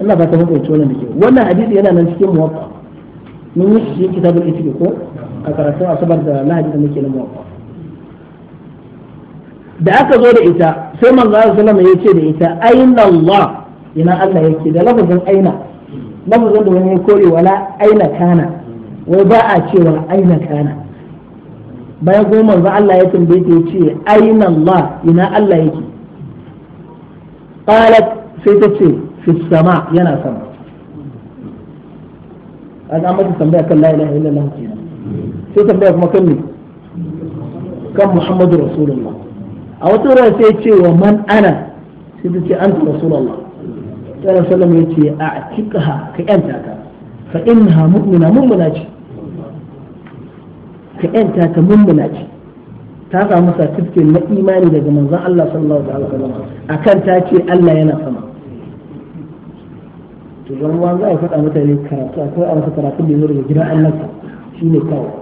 Allah ba ta mutu ya wannan da ke wannan hadisi yana nan cikin muwaffa mun yi shi kitabul itiq ko a karatun asabar da lahadi da muke na muwaffa da aka zo da ita sai manzo Allah sallallahu ya ce da ita aina Allah ina Allah yake da lafazin aina lafazin da wani ya kore wala aina kana wai ba a cewa aina kana bayan kuma manzo Allah ya tambaye ya ce aina Allah ina Allah yake qalat sai ta ce fi sama yana sama kaga an ta tambaya kan la ilaha illallah kenan sai tambaya kuma kan me kan Muhammadu Rasulullah a wata wurin sai ce wa man ana sai ta ce anta Rasulullah sai sallama ya ce a tikaha ka yanta ka fa innaha mu'mina mu'mina ce ka yanta ta mu'mina ce ta samu certificate na imani daga manzon Allah sallallahu alaihi wasallam akan ta ce Allah yana sama to zan wa za a faɗa mutane karatu a kai a wasu karatu da daga gidan Allah shi ne kawai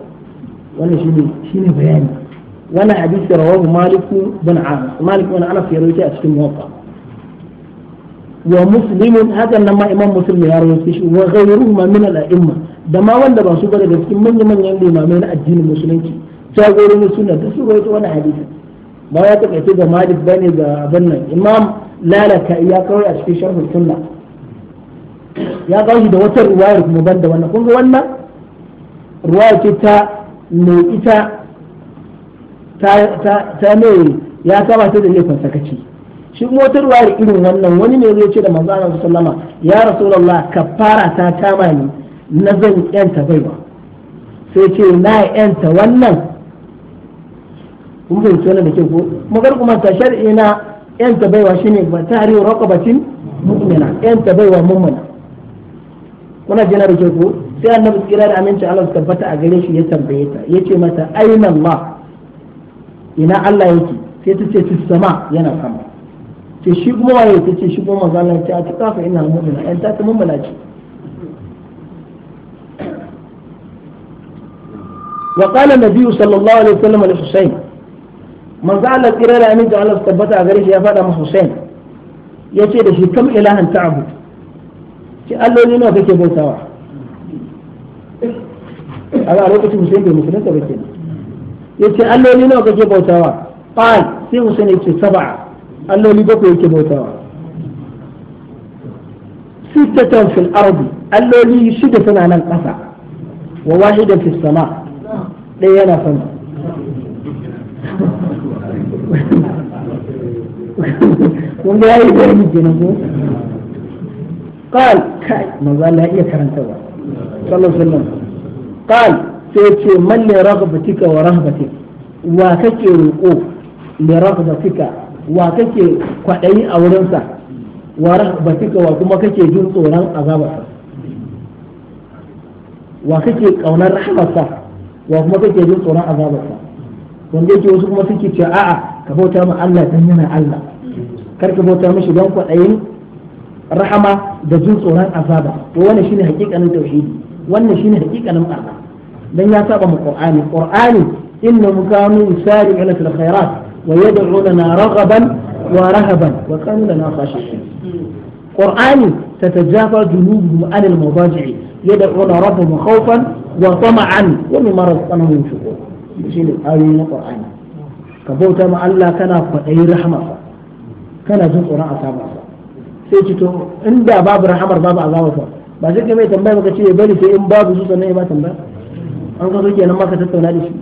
wannan shi ne bayani wannan hadisi rawahu Malik bin Anas Malik bin Anas ya rawaita a cikin Muwaffaq wa muslimun hakan nan ma imam muslim ya rawaito shi wa ghayruhuma min al-a'imma da ma wanda ba su ba daga cikin manyan manyan limamai na addinin musulunci ta jagororin sunna da su rawaito wannan hadisi ba ya takaice da malik bane ga abin nan imam lalaka ya kawo a cikin sharhul sunna ya kawo shi da wata ruwaya kuma banda wannan kun ga wannan ruwaya ce ta mai ita ta ta mai ya kama ta da laifin sakaci shi motar wata irin wannan wani ne zai ce da manzo Allah sallama ya rasulullah kafara ta kama ni na zan yanta baiwa sai ce na yanta wannan Kuma bai tona da ke ko magar kuma ta shar'i na yanta baiwa shine ba tarihi raqabatin mu'mina yanta baiwa mu'mina kuna jina da ke ko sai annabi tsira da aminci Allah su tabbata a gare shi ya tambaye ta yace mata aina Allah ina Allah yake sai ta ce sama yana sama ce shi kuma waye ta ce shi kuma manzala ce a tuka fa ina mu'mina ai ta ta mummuna ce wa qala nabi sallallahu alaihi wasallam li husayn manzala tsirara amin da Allah tabbata a gare shi ya fada ma husain yace da shi kam ilahan ta'bud ce alloli nawa kake bautawa a lokacin husayn bai musulunta ba kenan yace alloli nawa kake bautawa qal sai husayn yace sab'a alloli bakwai yake bautawa sittatan fil ardi alloli shida suna nan ƙasa wa wahidan fis sama ɗaya yana sama kun ga yayi bayani kenan ko قال كاي ما قال لا هي كرنتوا صلى الله عليه قال سيتي من لرغبتك ورهبتك وكتي روقو لرغبتك wa kake kwaɗayi a wurinsa wa rahbatika wa kuma kake jin tsoron azabarsa wa kake ƙaunar rahamarsa wa kuma kake jin tsoron azabarsa wanda yake wasu kuma suke ce a'a ka bauta ma Allah dan yana Allah kar ka bauta mishi don kwaɗayin rahama da jin tsoron azaba to wannan shine hakikanin tauhidi wannan shine hakikanin barna dan ya saba mu qur'ani qur'ani innahu kanu yusari'una fil khairat ويدعوننا رغبا ورهبا وكانوا لنا خاشعين قرآني تتجافى جنوبهم عن المضاجع يدعون ربهم خوفا وطمعا ومما رزقناهم ينفقون شيء الآية القرآن كبوتا مع الله كان فأي رحمة كان جن قرآن أصابع sai to in da babu rahamar babu azaba fa ba sai kai mai tambaya maka ce bari sai in babu su sannan ya ba tambaya an ka so kenan maka tattauna da shi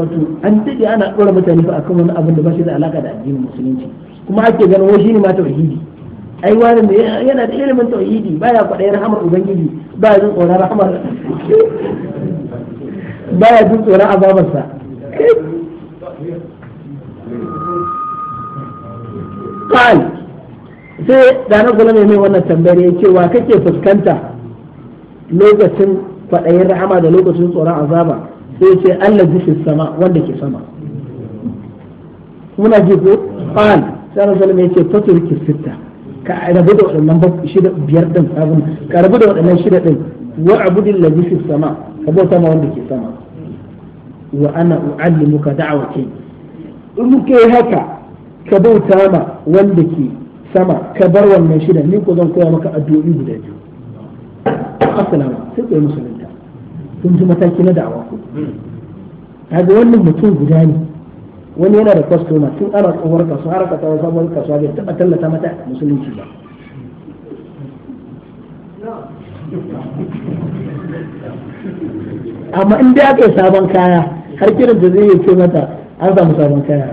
wato an daɗe ana ɗora mutane a akan wani abin da ba shi da alaƙa da addinin musulunci kuma ake ganin wai shine ma tauhidi ai wani ne yana da ilimin tauhidi baya ya rahamar ubangiji baya jin tsoron rahamar *laughs* baya jin tsoron azabarsa qal sai da na kula mai wannan tambayar ya ce wa kake fuskanta lokacin kwaɗayin rahama da lokacin tsoron azaba sai ce Allah fi sama wanda ke sama muna ji ko qal sai Allah sallama yace faturki sitta ka rabu da waɗannan shida biyar din abun ka rabu da waɗannan shida din wa abudil ladhi fi sama ka bauta ma wanda ke sama wa ana u'allimuka da'awati in muke haka ka bauta ma wanda ke sama ka bar wannan shida ni ko zan koya maka addu'o'i guda biyu assalamu sai kai musulmi sun ji mataki na da'awa kaga wannan mutum guda ne wani yana da kwastoma tun ana tsohuwar kasuwa har ka tawo sabuwar kasuwa bai taɓa tallata mata musulunci ba amma in dai aka yi sabon kaya har kiran da zai yi ce mata an samu sabon kaya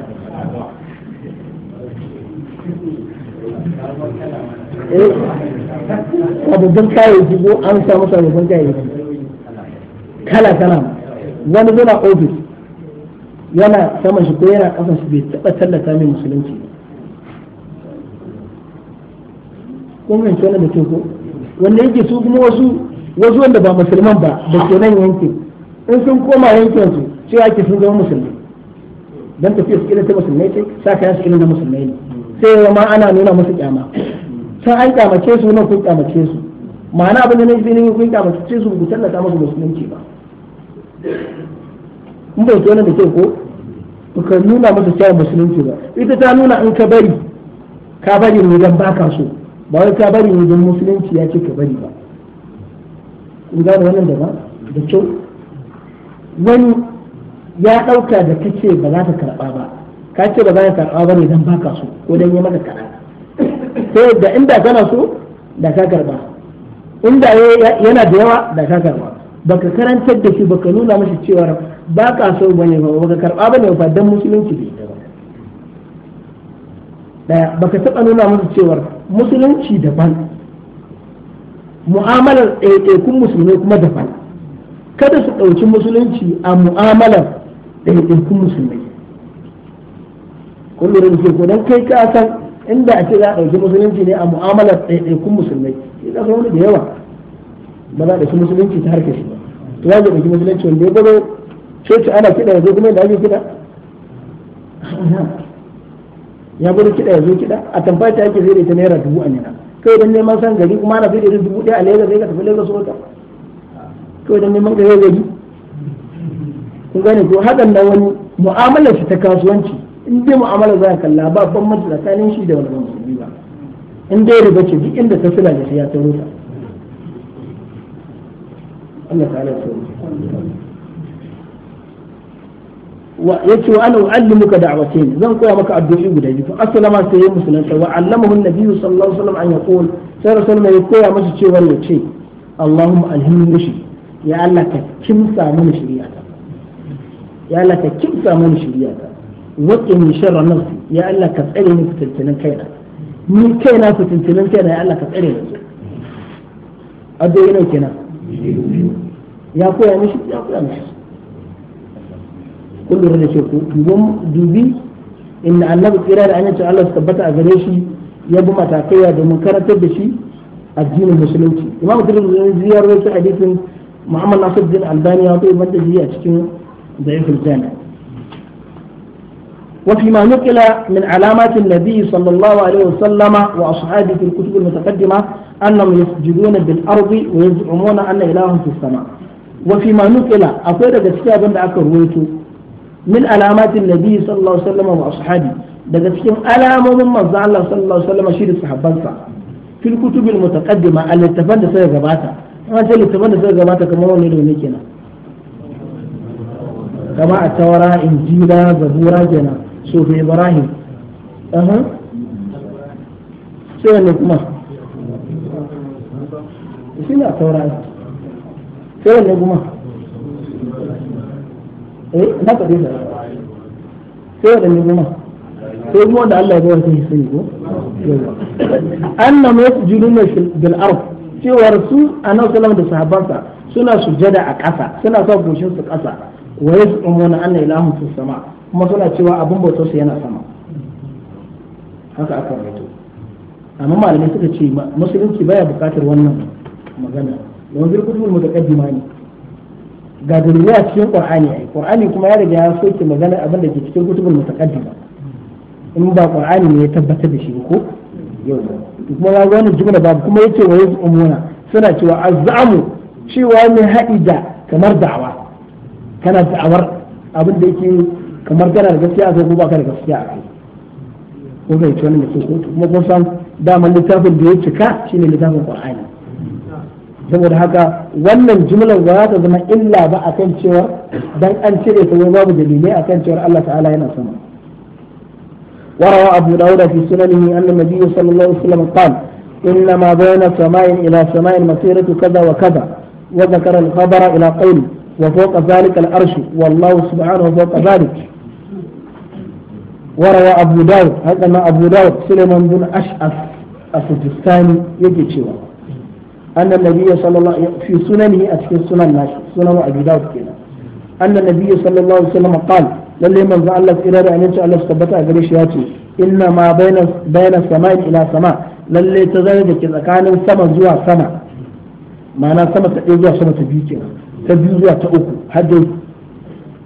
eh, sababbin kayayyaki ko an samu sabon kayayyaki kala kala wani zuna ofis yana saman shi ko yana kasan shi bai taba tallata mai musulunci kun fahimci wani da ke ko wanda yake su kuma wasu wasu wanda ba musulman ba da ke nan yankin in sun koma yankin su sai ake sun zama musulmi dan tafiya su irin ta musulmai ce sa kaya su irin na musulmai ne sai yawa ma ana nuna musu kyama sun an kyamace su nan kun kyamace su ma'ana abin da na ji ne kun kyamace su ku tallata musu musulunci ba in bai tona da kyau ko ka nuna masa kyawun musulunci ba ita ta nuna in ka bari ka bari ne don baka so ba wai ka bari ne don musulunci ya ce ka bari ba in gane wannan da ba da kyau wani ya ɗauka da ka ce ba za ka karɓa ba ka ce ba za ka karɓa ba ne don baka so ko don yi maka kaɗa ta yadda inda kana so da ka karɓa inda yana da yawa da ka karɓa baka karantar da shi baka nuna mashi cewa ba ka so bane ba baka karba bane ba dan musulunci bai da daya baka taba nuna masa cewa musulunci daban mu'amalar ɗaiɗaikun musulmai kuma daban kada su ɗauki musulunci a mu'amalar ɗaiɗaikun musulmai kullum da ke ko kai ka san inda a ce za a ɗauki musulunci ne a mu'amalar ɗaiɗaikun musulmai ina ka wani da yawa ba za a ɗauki musulunci ta harkar shi ba ya zo biki musulunci wanda ya gado coci ana kiɗa ya zo kuma yadda ake kiɗa ya gwado kiɗa ya zo kiɗa a tamfata ake zai da ita naira dubu a nina kawai don neman san gari kuma ana zai da dubu ɗaya a lagos zai ka tafi lagos wata kawai don neman gari gari kun gane ko hakan na wani mu'amalar shi ta kasuwanci in dai mu'amala za a kalla ba ban mace tsakanin shi da wani musulmi ba in dai riba ce duk inda ta sula da shi ya taro ta Allah ta'ala ya sauke wa yace wa ana uallimuka da'watayn zan koya maka addu'o'i guda biyu fa ma sai ya musulunta wa allama an-nabi sallallahu alaihi wasallam an ya yaqul sai rasulullah ya koya masa cewa ya ce Allahumma alhimni rushd ya Allah ka kimsa mana ta, ya Allah ka kimsa mana shari'ata waƙin sharra nafsi ya Allah ka tsare ni fitintunan kaina ni kaina fitintunan kaina ya Allah ka tsare ni addu'o'i nau kenan ya koya mishi ya koya mishi kullum da ce ku dubi inda annabi kira da annabi Allah su tabbata a gare shi ya bi matakai domin karantar da shi addinin musulunci imamu tirmidhi ya hadisin muhammad nasiruddin albani ya rawaito ibn tajiya a cikin ضعيف الجامع وفيما نقل من علامات النبي صلى الله عليه وسلم وأصحابه في الكتب المتقدمة annahum yasjuduna bil ardi wa yaz'umuna anna ilahum fis sama wa fi ma nuqila akwai daga cikin abin da aka ruwaito min alamatin nabi sallallahu alaihi wasallam wa ashabi daga cikin alamomin manzo Allah sallallahu alaihi wasallam shi da sahabbansa fil kutubil mutaqaddima al da suka gabata an ce littafan da suka gabata kamar wani da ne kenan kama a tawara zabura shi na saura sai wanne kuma eh na faɗi da sai wanne kuma sai kuma wanda Allah ya bayar sai sani ko annam yasjuduna bil ard cewar su annabi sallallahu da sahabbansa suna sujada a ƙasa suna sa goshin su ƙasa wa yasumuna anna ilahum fis sama kuma suna cewa abun bautar su yana sama haka aka rawaito amma malamai suka ce musulunci baya bukatar wannan magana yanzu da mutaqaddima ne ga dalilai a cikin qur'ani ai qur'ani kuma ya riga ya soke magana abin da ke cikin kutubul mutaqaddima in ba qur'ani ne ya tabbatar da shi ko yau kuma ga wannan jumla babu kuma yake wa umuna suna cewa azamu cewa mai haɗi da kamar da'awa kana da'awar abin da yake kamar kana da gaskiya ko ba ka da gaskiya a kai ko kai ce wannan da ke kuma kusan daman littafin da ya cika shine littafin qur'ani saboda haka wannan jumlar ba za ta zama illa ba akan cewa dan an cire ta wai babu dalilai akan cewa Allah ta'ala yana sama وروى أبو داود في سننه أن النبي صلى الله عليه وسلم قال إنما بين سماء إلى سماء مسيرة كذا وكذا وذكر الخبر إلى قوله وفوق ذلك الأرش والله سبحانه فوق ذلك وروى أبو داود هذا ما أبو داود سليمان بن أشعث السجستاني يجي شوى أن النبي صلى الله في سننه أتكين سنن ناشي سنن أبي داود كنا أن النبي صلى الله عليه وسلم قال للي من ذا الله في رأي أن ينشأ الله سبتا أقريش ياتي إنما بين بين السماء إلى سماء للي تزايد كذا كان السماء زوا سماء معنى سماء تأيزوا سماء تبيكنا تبيزوا تأوكو هذا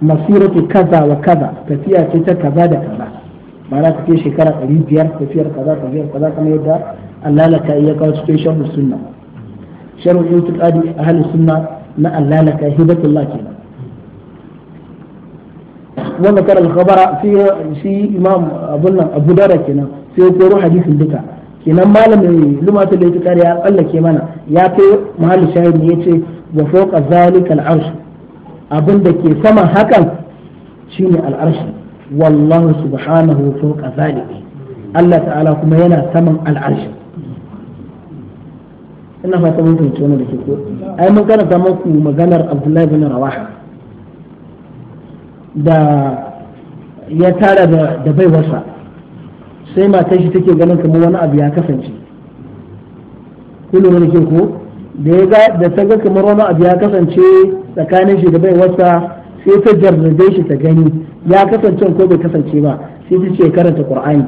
مسيرة كذا وكذا تفيها تتا كذا دا كذا معنى تكي شكرا قريب يار تفير كذا تفير كذا كما يدار الله لك إياك وتكي شر السنة sharh i'tiqadi ahli sunna na allalaka hibatullah kenan wa zakara al-khabara fi shi imam abun nan abu dara kenan sai ya koro hadisin duka kenan malamin lumatul i'tiqadi ya tsallake mana ya kai mahallu shahid ne yace wa fawqa zalika al-arsh abin da ke saman hakan shine al'arshi wallah subhanahu fawqa zalika Allah ta'ala kuma yana saman al'arshi ina fata mun fahimci wannan da ke ko ai mun karanta muku maganar Abdullahi bin Rawah da ya tara da baiwarsa sai matar shi take ganin kamar wani abu ya kasance kullu wani ke ko da ta ga kamar wani abu ya kasance tsakanin shi da baiwarsa sai ta jarrabe shi ta gani ya kasance ko bai kasance ba sai ta ce karanta qur'ani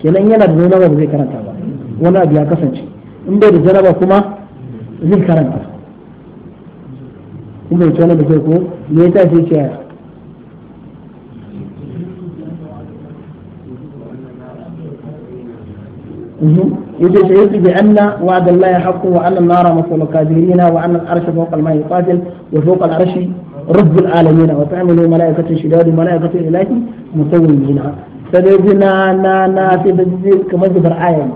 kenan yana da nuna ba zai karanta ba wani abu ya kasance in bai da janaba kuma zai karanta in bai tona da ko me ya tashi بأن وعد الله حق وأن النار مثوى الكافرين وأن العرش فوق الماء يقاتل وفوق العرش رب العالمين وتعمل ملائكة شداد ملائكة إله مسومين سيدنا نا نا في كما ذكر آية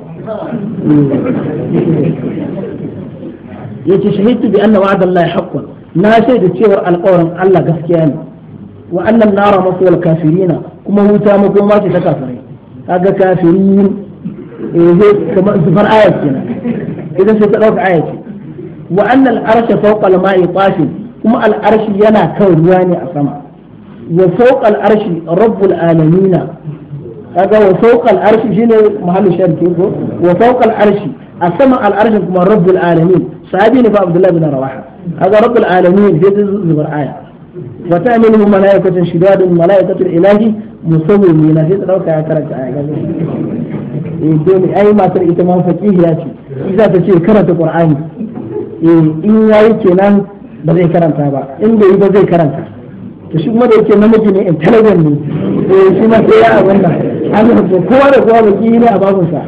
yace shahidtu bi anna wa'da Allah haqqun na shaida cewar alƙawarin Allah gaskiya ne wa annan nara masuwal kafirina kuma wuta kuma ce ta kafirai kaga kafirin eh, zai kamar zubar ayat kenan idan sai ta dauka ayat ce wa annal arsha fawqa al-ma'i tashin kuma al-arshi yana kan ruwa ne a sama wa fawqa al-arshi rabbul alamina kaga wa fawqal arshi shine mahallu sharki ko wa fawqal arshi a saman al kuma rabbul alamin sahabi ne fa abdullahi bin rawaha kaga rabbul alamin sai zubar aya wa ta'minu malaikatun shidadun malaikatul ilahi musawwimina sai ta dauka ya karanta aya ga eh dole ai matar ita ma faqihiya ce ita ta ce karanta qur'ani eh in yayi kenan ba zai karanta ba in bai ba zai karanta to shi kuma da yake namiji ne intelligent ne eh shi ma sai ya abin haka da kowa da kowa baki ne a babun sa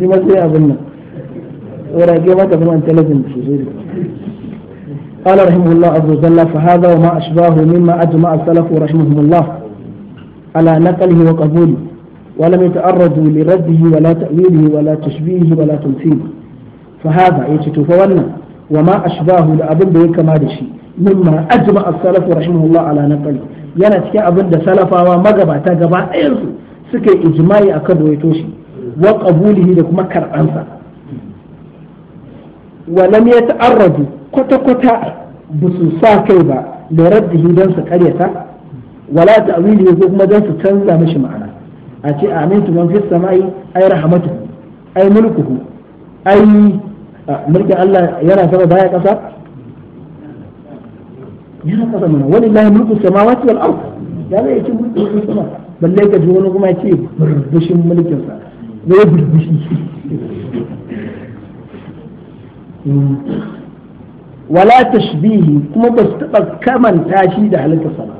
ni ma sai abin nan ورأي ما تفهم تلزم في قال رحمه الله عز وجل فهذا وما أشباهه مما أجمع السلف رحمهم الله على نقله وقبوله ولم يتعرضوا لرده ولا تأويله ولا تشبيهه ولا تمثيله فهذا يتتفولنا وما أشباهه لأبن به كما دشي mimma ajma as-salafu rahimahullah ala naqli yana cikin abin da salafawa magabata gaba ɗayan su suka yi ijma'i akan ruwaito shi wa qabulihi da kuma karbansa wa lam yata'arradu kwata kwata ba su sa kai ba da raddihi dan su karyata wala ta'wili ko kuma dan su canza mishi ma'ana a ce amintu man fis samai ai Allah yana sama baya ƙasa. ya kasa mana wani lahi mulku samawati wal ard ya zai ci mulki sama balle ka ji wani kuma ce burbushin ولا تشبيه كما بستبع كمن تاشيد على الصلاة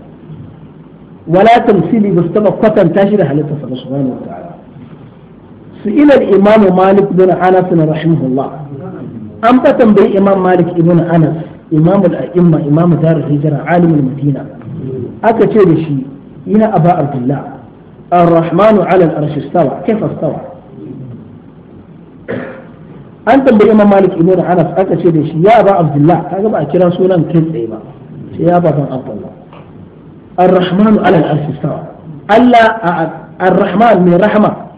ولا تمثيلي تمثيل بستبع كتن تاشيد على الصلاة سبحانه وتعالى سئل الإمام مالك بن أنس رحمه الله أمتى تتم بي إمام مالك بن أنس imamul a'imma imamu darul hijra alimul madina aka ce da shi ina aba abdullah ar-rahmanu ala al-arshi istawa kaifa istawa an tambayi imam malik ibn anas ce da shi ya aba abdullah kaga a kira sunan kai tsaye ba sai ya ba san abdullah ar-rahmanu ala al-arshi istawa Allah ar-rahman mai rahama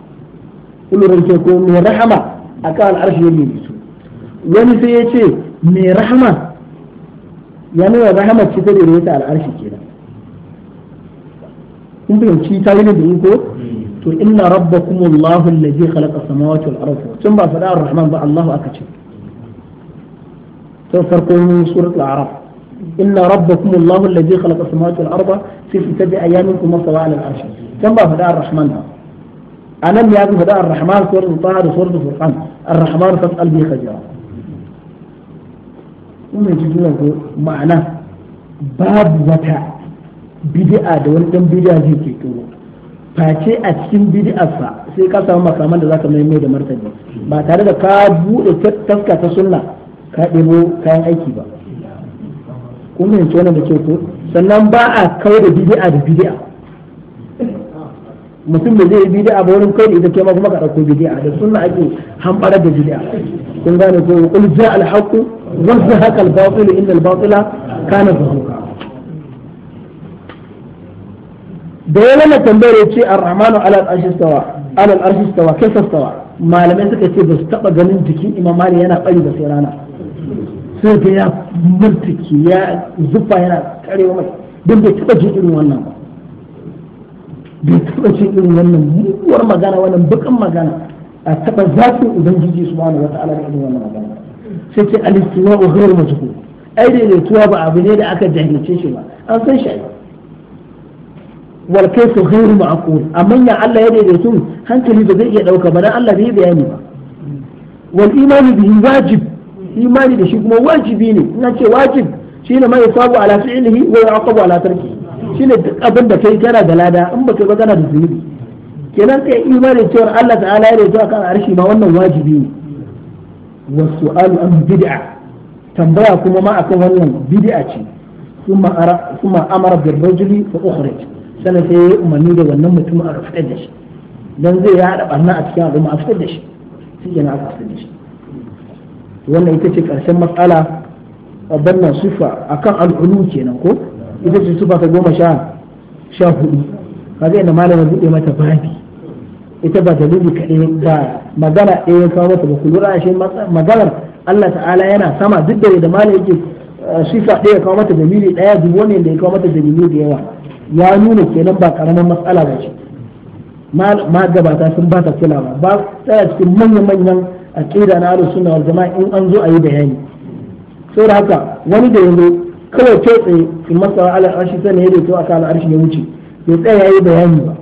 wani sai ya ce mai rahma? ya nuna rahamar ce ta dore ta al'arshi kenan kun fahimci ta yi da iko to inna rabbakum allahu allazi khalaqa samawati wal ardi tun ba fada ar-rahman ba allahu aka ce to farko suratul a'raf inna rabbakum allahu allazi khalaqa samawati wal arda fi sittati ayamin kuma sawa al arsh tun ba fada ar-rahman ba anan ya fada ar-rahman suratul taha da suratul furqan ar-rahman fas'al bi khajara kuma ji jumlar ko ma'ana babu wata bid'a da wani dan bid'a zai ke turo, face a cikin bid'arsa sai ka samu makaman da za ka maimai da martani ba tare da ka bude taska ta sunna ka ɗebo kayan aiki ba kuma yanzu wannan da ke ko sannan ba a kai da bid'a da bid'a mutum da zai yi bid'a ba wurin kai da ita kai ma kuma ka ɗauko bid'a da sunna ake hamɓarar da bid'a kun gane ko qul jaa al haqq wa zahaqa al batil inna al batila kana zahuqa da ya na tambayar ya ce ar-rahmanu ala al-arshi stawa ala al-arshi stawa kaifa stawa malamai suka ce ba su taba ganin jikin imam mali yana bari ba sai rana sai ga ya murtuki ya zufa yana karewa mai don bai taba jin irin wannan ba bai taba jin irin wannan muguwar magana wannan bakan magana a taba zafin ubangiji su subhanahu wata'ala da irin wannan magana sai ce a istiwau masu ku ai daidaituwa ba abu ne da aka jahilce shi ba an san shi wal kayfu ghayr ma'qul amma ya Allah ya daidaitu hankali ba zai iya ɗauka ba dan Allah bai bayani ba wal imani bihi wajib imani da shi kuma wajibi ne ina ce wajib shine mai sabu ala fi'lihi wa yaqabu ala tarkihi shine duk abin da kai kana da lada in baka ba kana da zunubi kenan kai imanin cewar Allah ta'ala ya rajo akan arshi ma wannan wajibi ne wa alu an bid'a tambaya kuma ma akan wannan bid'a ce kuma ara kuma amara bil rajuli fa ukhrij sanan sai ya umarni da wannan mutum a fitar da shi dan zai ya hada barna a cikin al'umma a fitar da shi shi kenan aka fitar da shi wannan ita ce karshen matsala abban nan sufa akan al'ulu kenan ko ita ce sufa ta goma sha sha hudu kaga inda malamin buɗe mata babi ita ba dalili kaɗai ba magana ɗaya ya kawo mata ba ku lura shi maganar Allah ta'ala yana sama duk da da malai yake eh, sifa ɗaya ya kawo mata dalili ɗaya duk wani da ya kawo mata dalili da yawa ya nuna kenan ba karamin matsala ba ce ma gabata sun ba ta kula ba ba tsaya cikin manyan manyan aqida na aro suna wal jama'a in an zo a yi bayani saboda haka wani da yanzu kawai kai tsaye in masa ala arshi sai ne ya to aka ala arshi ya wuce bai tsaya ya yi bayani ba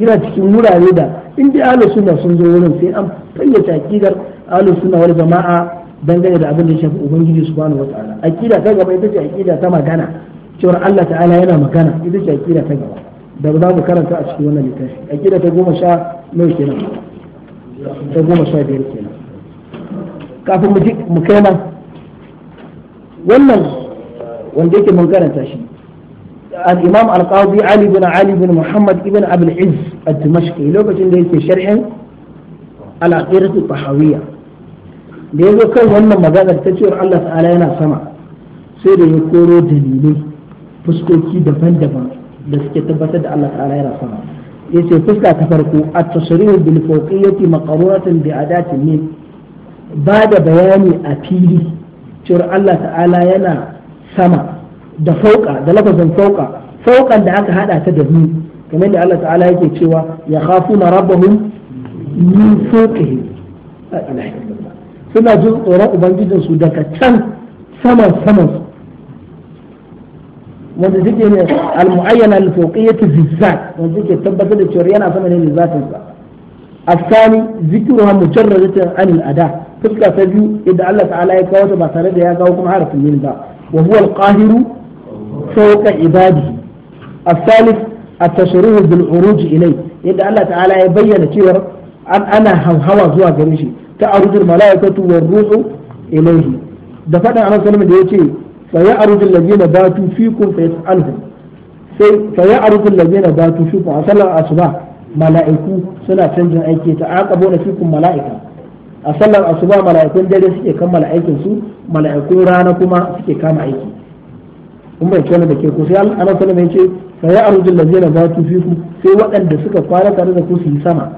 yana cikin wurare da inda dai ahlus sunna sun zo wurin sai an fayyace akidar ahlus sunna wal jama'a dangane da abin da ya shafi ubangiji subhanahu wataala akida ta gaba ita ce akida ta magana cewar Allah ta'ala yana magana ita ce akida ta gaba da ba za mu karanta a cikin wannan littafi akida ta goma sha nawa kenan ta goma sha biyar kenan kafin mu kai nan wannan wanda yake mun karanta shi الإمام القاضي علي بن علي بن محمد بن أبي العز الدمشقي لو كان ليس شرح العقيدة الطحاوية da ya zo kan wannan maganar ta cewar Allah yana sama sai da ya koro dalilai fuskoki daban-daban da suke tabbatar da Allah yana sama ya ce fuska ta farko a tasirihu bil fawqiyyati maqruratin bi ba da bayani a fili cewar Allah ta'ala yana sama da fauka da lafazin fauka faukan da aka hada ta da ni kamar da Allah ta'ala yake cewa ya khafuna rabbahum min fawqihim suna jin tsoron ubangijin su daga can saman saman su wanda suke ne al-mu'ayyana al-fawqiyyatu bizzat wanda suke tabbatar da cewa yana sama ne zatin sa الثاني ذكرها مجردة عن الأداء تلك تبيو إذا الله تعالى يكاوت ما ترد يا كاوكم عارف من ذا وهو القاهر فوق عباده الثالث التصريح بالعروج إليه يدعى الله تعالى يبين كيور أن أنا هوا زوا جريشي تعرج الملائكة والروح إليه دفعنا عن سلم ديتي فيعرج الذين باتوا فيكم فيسألهم فيعرج الذين باتوا فيكم أصلا أصبح mala'iku suna canjin aiki ta aqabu na fikum mala'ika a sallar asuba mala'ikun dare suke kammala aikin su mala'ikun rana kuma suke kama aiki in bai kyau da ke ku sai Allah sana mai ce fa ya arju allazina zatu fiku sai waɗanda suka kwana tare da ku su yi sama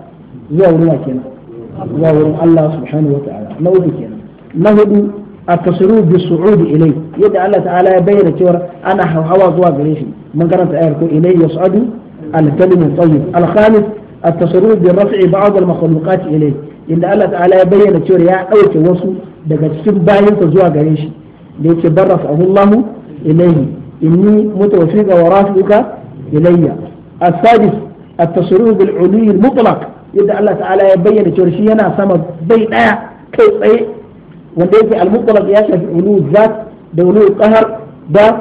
zuwa kenan zuwa wurin Allah subhanahu wata'ala na uku kenan na hudu a tasiru ilai yadda Allah ta'ala ya bayyana cewa ana hawa zuwa gare shi mun karanta ayar ko ilai yas'adu al-kalimu tayyib al-khamis التصرف برفع بعض المخلوقات إليه إن الله تعالى بين تشوري يا أوكي وصو دقا تشوف باين تزوى قريشي ليتي برفعه الله إليه إني متوفيك ورافعك إلي السادس التصريح بالعلوي المطلق يدعى الله تعالى يبين ترشينا سما بين كيف أي ونديك المطلق يشهد علو الذات دولو القهر دا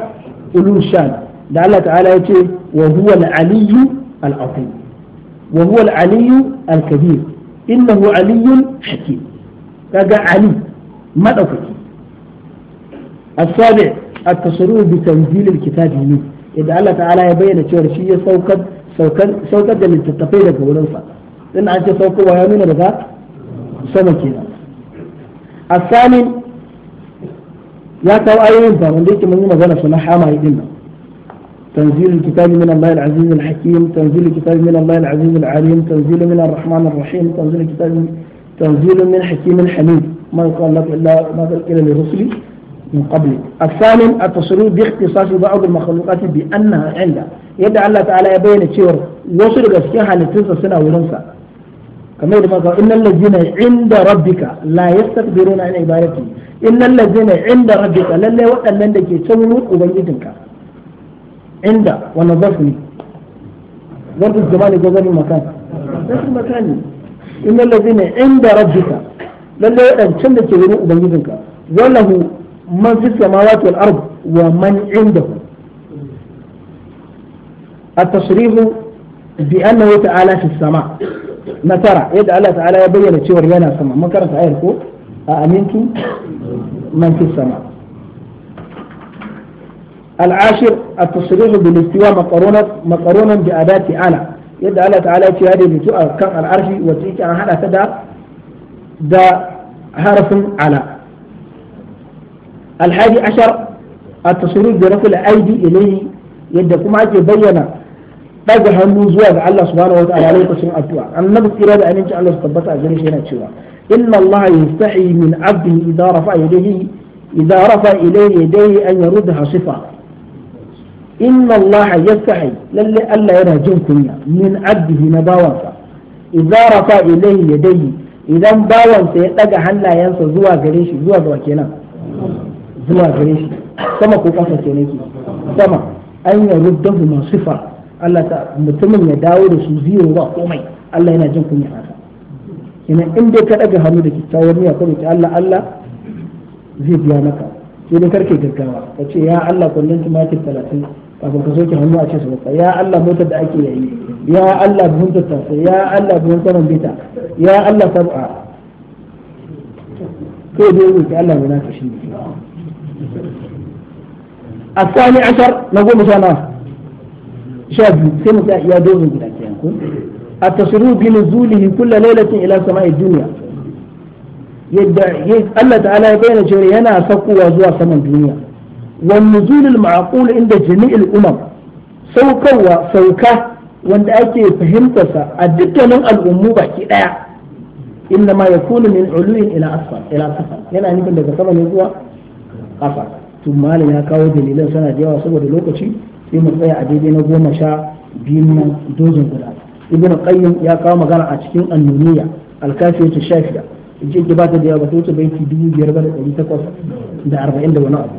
علو الشان دعى الله تعالى يتي وهو العلي العظيم وهو العلي الكبير إنه علي حكيم كذا علي ما السابع التصرف بتنزيل الكتاب منه إذا الله تعالى يبين cewa شيء ya saukar saukar da littattafai daga wurinsa in an ce ويامين رضا nuna daga sama تو asali ya kawo ayoyin ba wanda yake mun yi تنزيل الكتاب من الله العزيز الحكيم تنزيل الكتاب من الله العزيز العليم تنزيل من الرحمن الرحيم تنزيل الكتاب من تنزيل من حكيم حميد ما يقال لك إلا ما ذكر إلا لرسلي من قبل الثامن التصريح باختصاص بعض المخلوقات بأنها عنده يدعى الله تعالى يبين تشير وصل قسكيها لتنسى سنة ولنسى كما يقول إن الذين عند ربك لا يستكبرون عن عبادته إن الذين عند ربك للا وأن لك يتولون وبيتك عند ونظفني ظرف الزمان يقول المكان ظرف المكان إن الذين عند ربك للا وأن لك يتولون وبيتك وله man fi samawati wal ard wa man indahu التصريح بأنه تعالى في السماء نترى يد الله تعالى يبين تشور ينا السماء ما كانت عيركو أأمنتم من في السماء العاشر التصريح بالاستواء مقرونة مقرونا بأداة على يد الله تعالى في هذه التوء كان العرش وتيك عن هذا دا حرف على alhadi ashar a tasirru da rafil aidi ilayhi yadda kuma ake bayyana daga hannu zuwa ga Allah subhanahu wataala lokacin addu'a annabi tsira da aminci Allah su tabbata a gare shi yana cewa inna Allah yastahi min 'abdihi idza rafa'a yadayhi idza rafa'a ilayhi yadayhi an yaruddaha sifa inna Allah yastahi lalle Allah yana jin kunya min 'abdihi na bawansa idza rafa'a ilayhi yadayhi idan bawansa ya daga hannayensa zuwa gare shi zuwa ga kenan zuwa gare shi sama ko kasa ke nake sama an yi ruddahu ma sifa Allah ta mutumin ya dawo da su zero ba komai Allah yana jin kunya haka kenan in dai ka daga hannu da kyakkyawar miya ko ki Allah Allah zai biya maka sai dai karke gaggawa ka ce ya Allah kullun tumatir 30 kafin ka soke hannu a ce su ya Allah motar da ake yayi ya Allah buhun tattasa ya Allah buhun saman bita ya Allah sab'a kai dai ki Allah ne na shi ne الثاني عشر نقول مثلا شاب سمت يا دوزن كده التصريف بنزوله كل ليلة إلى سماء الدنيا يدعي الله تعالى يبين جري هنا سقوا وزوا سماء الدنيا والنزول المعقول عند جميع الأمم سوكا وسوكا wanda ake fahimtarsa a dukkanin al'ummu baki daya inna ma yakunu min uluin ila asfal ila safal yana nufin daga sama ne zuwa ƙasa to malam ya kawo dalilan sana da yawa saboda lokaci sai mu tsaya a daidai na goma sha biyu nan dozin guda ibn qayyim ya kawo magana a cikin annuniya ta shafiya yace ki bata da yawa ba ta wuce baiti dubu biyar ba da ɗari takwas da arba'in da wani abu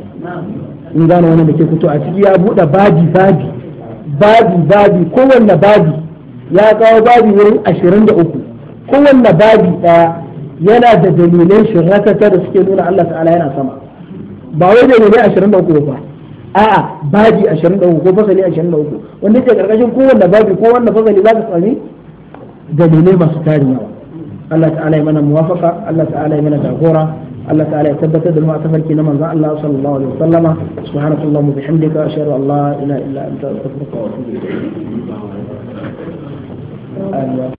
in gane wannan da ke fito a ciki ya buɗe babi babi babi babi kowanne babi ya kawo babi wurin ashirin da uku kowanne babi ɗaya yana da dalilan shirratata da suke nuna Allah ta'ala yana sama ba wai da ne ashirin da uku ba a'a babi ashirin da uku ko fasali ashirin da uku wanda ke karkashin kowanne babi ko wanne fasali za ka sami dalilai masu tarin yawa Allah ta'ala ya mana muwafaka Allah ta'ala ya mana jagora Allah ta'ala ya tabbatar da mu a tafarki na manzon Allah sallallahu alaihi wasallama subhanallahi wa bihamdika ashhadu an la ilaha illa anta astaghfiruka wa atubu ilayk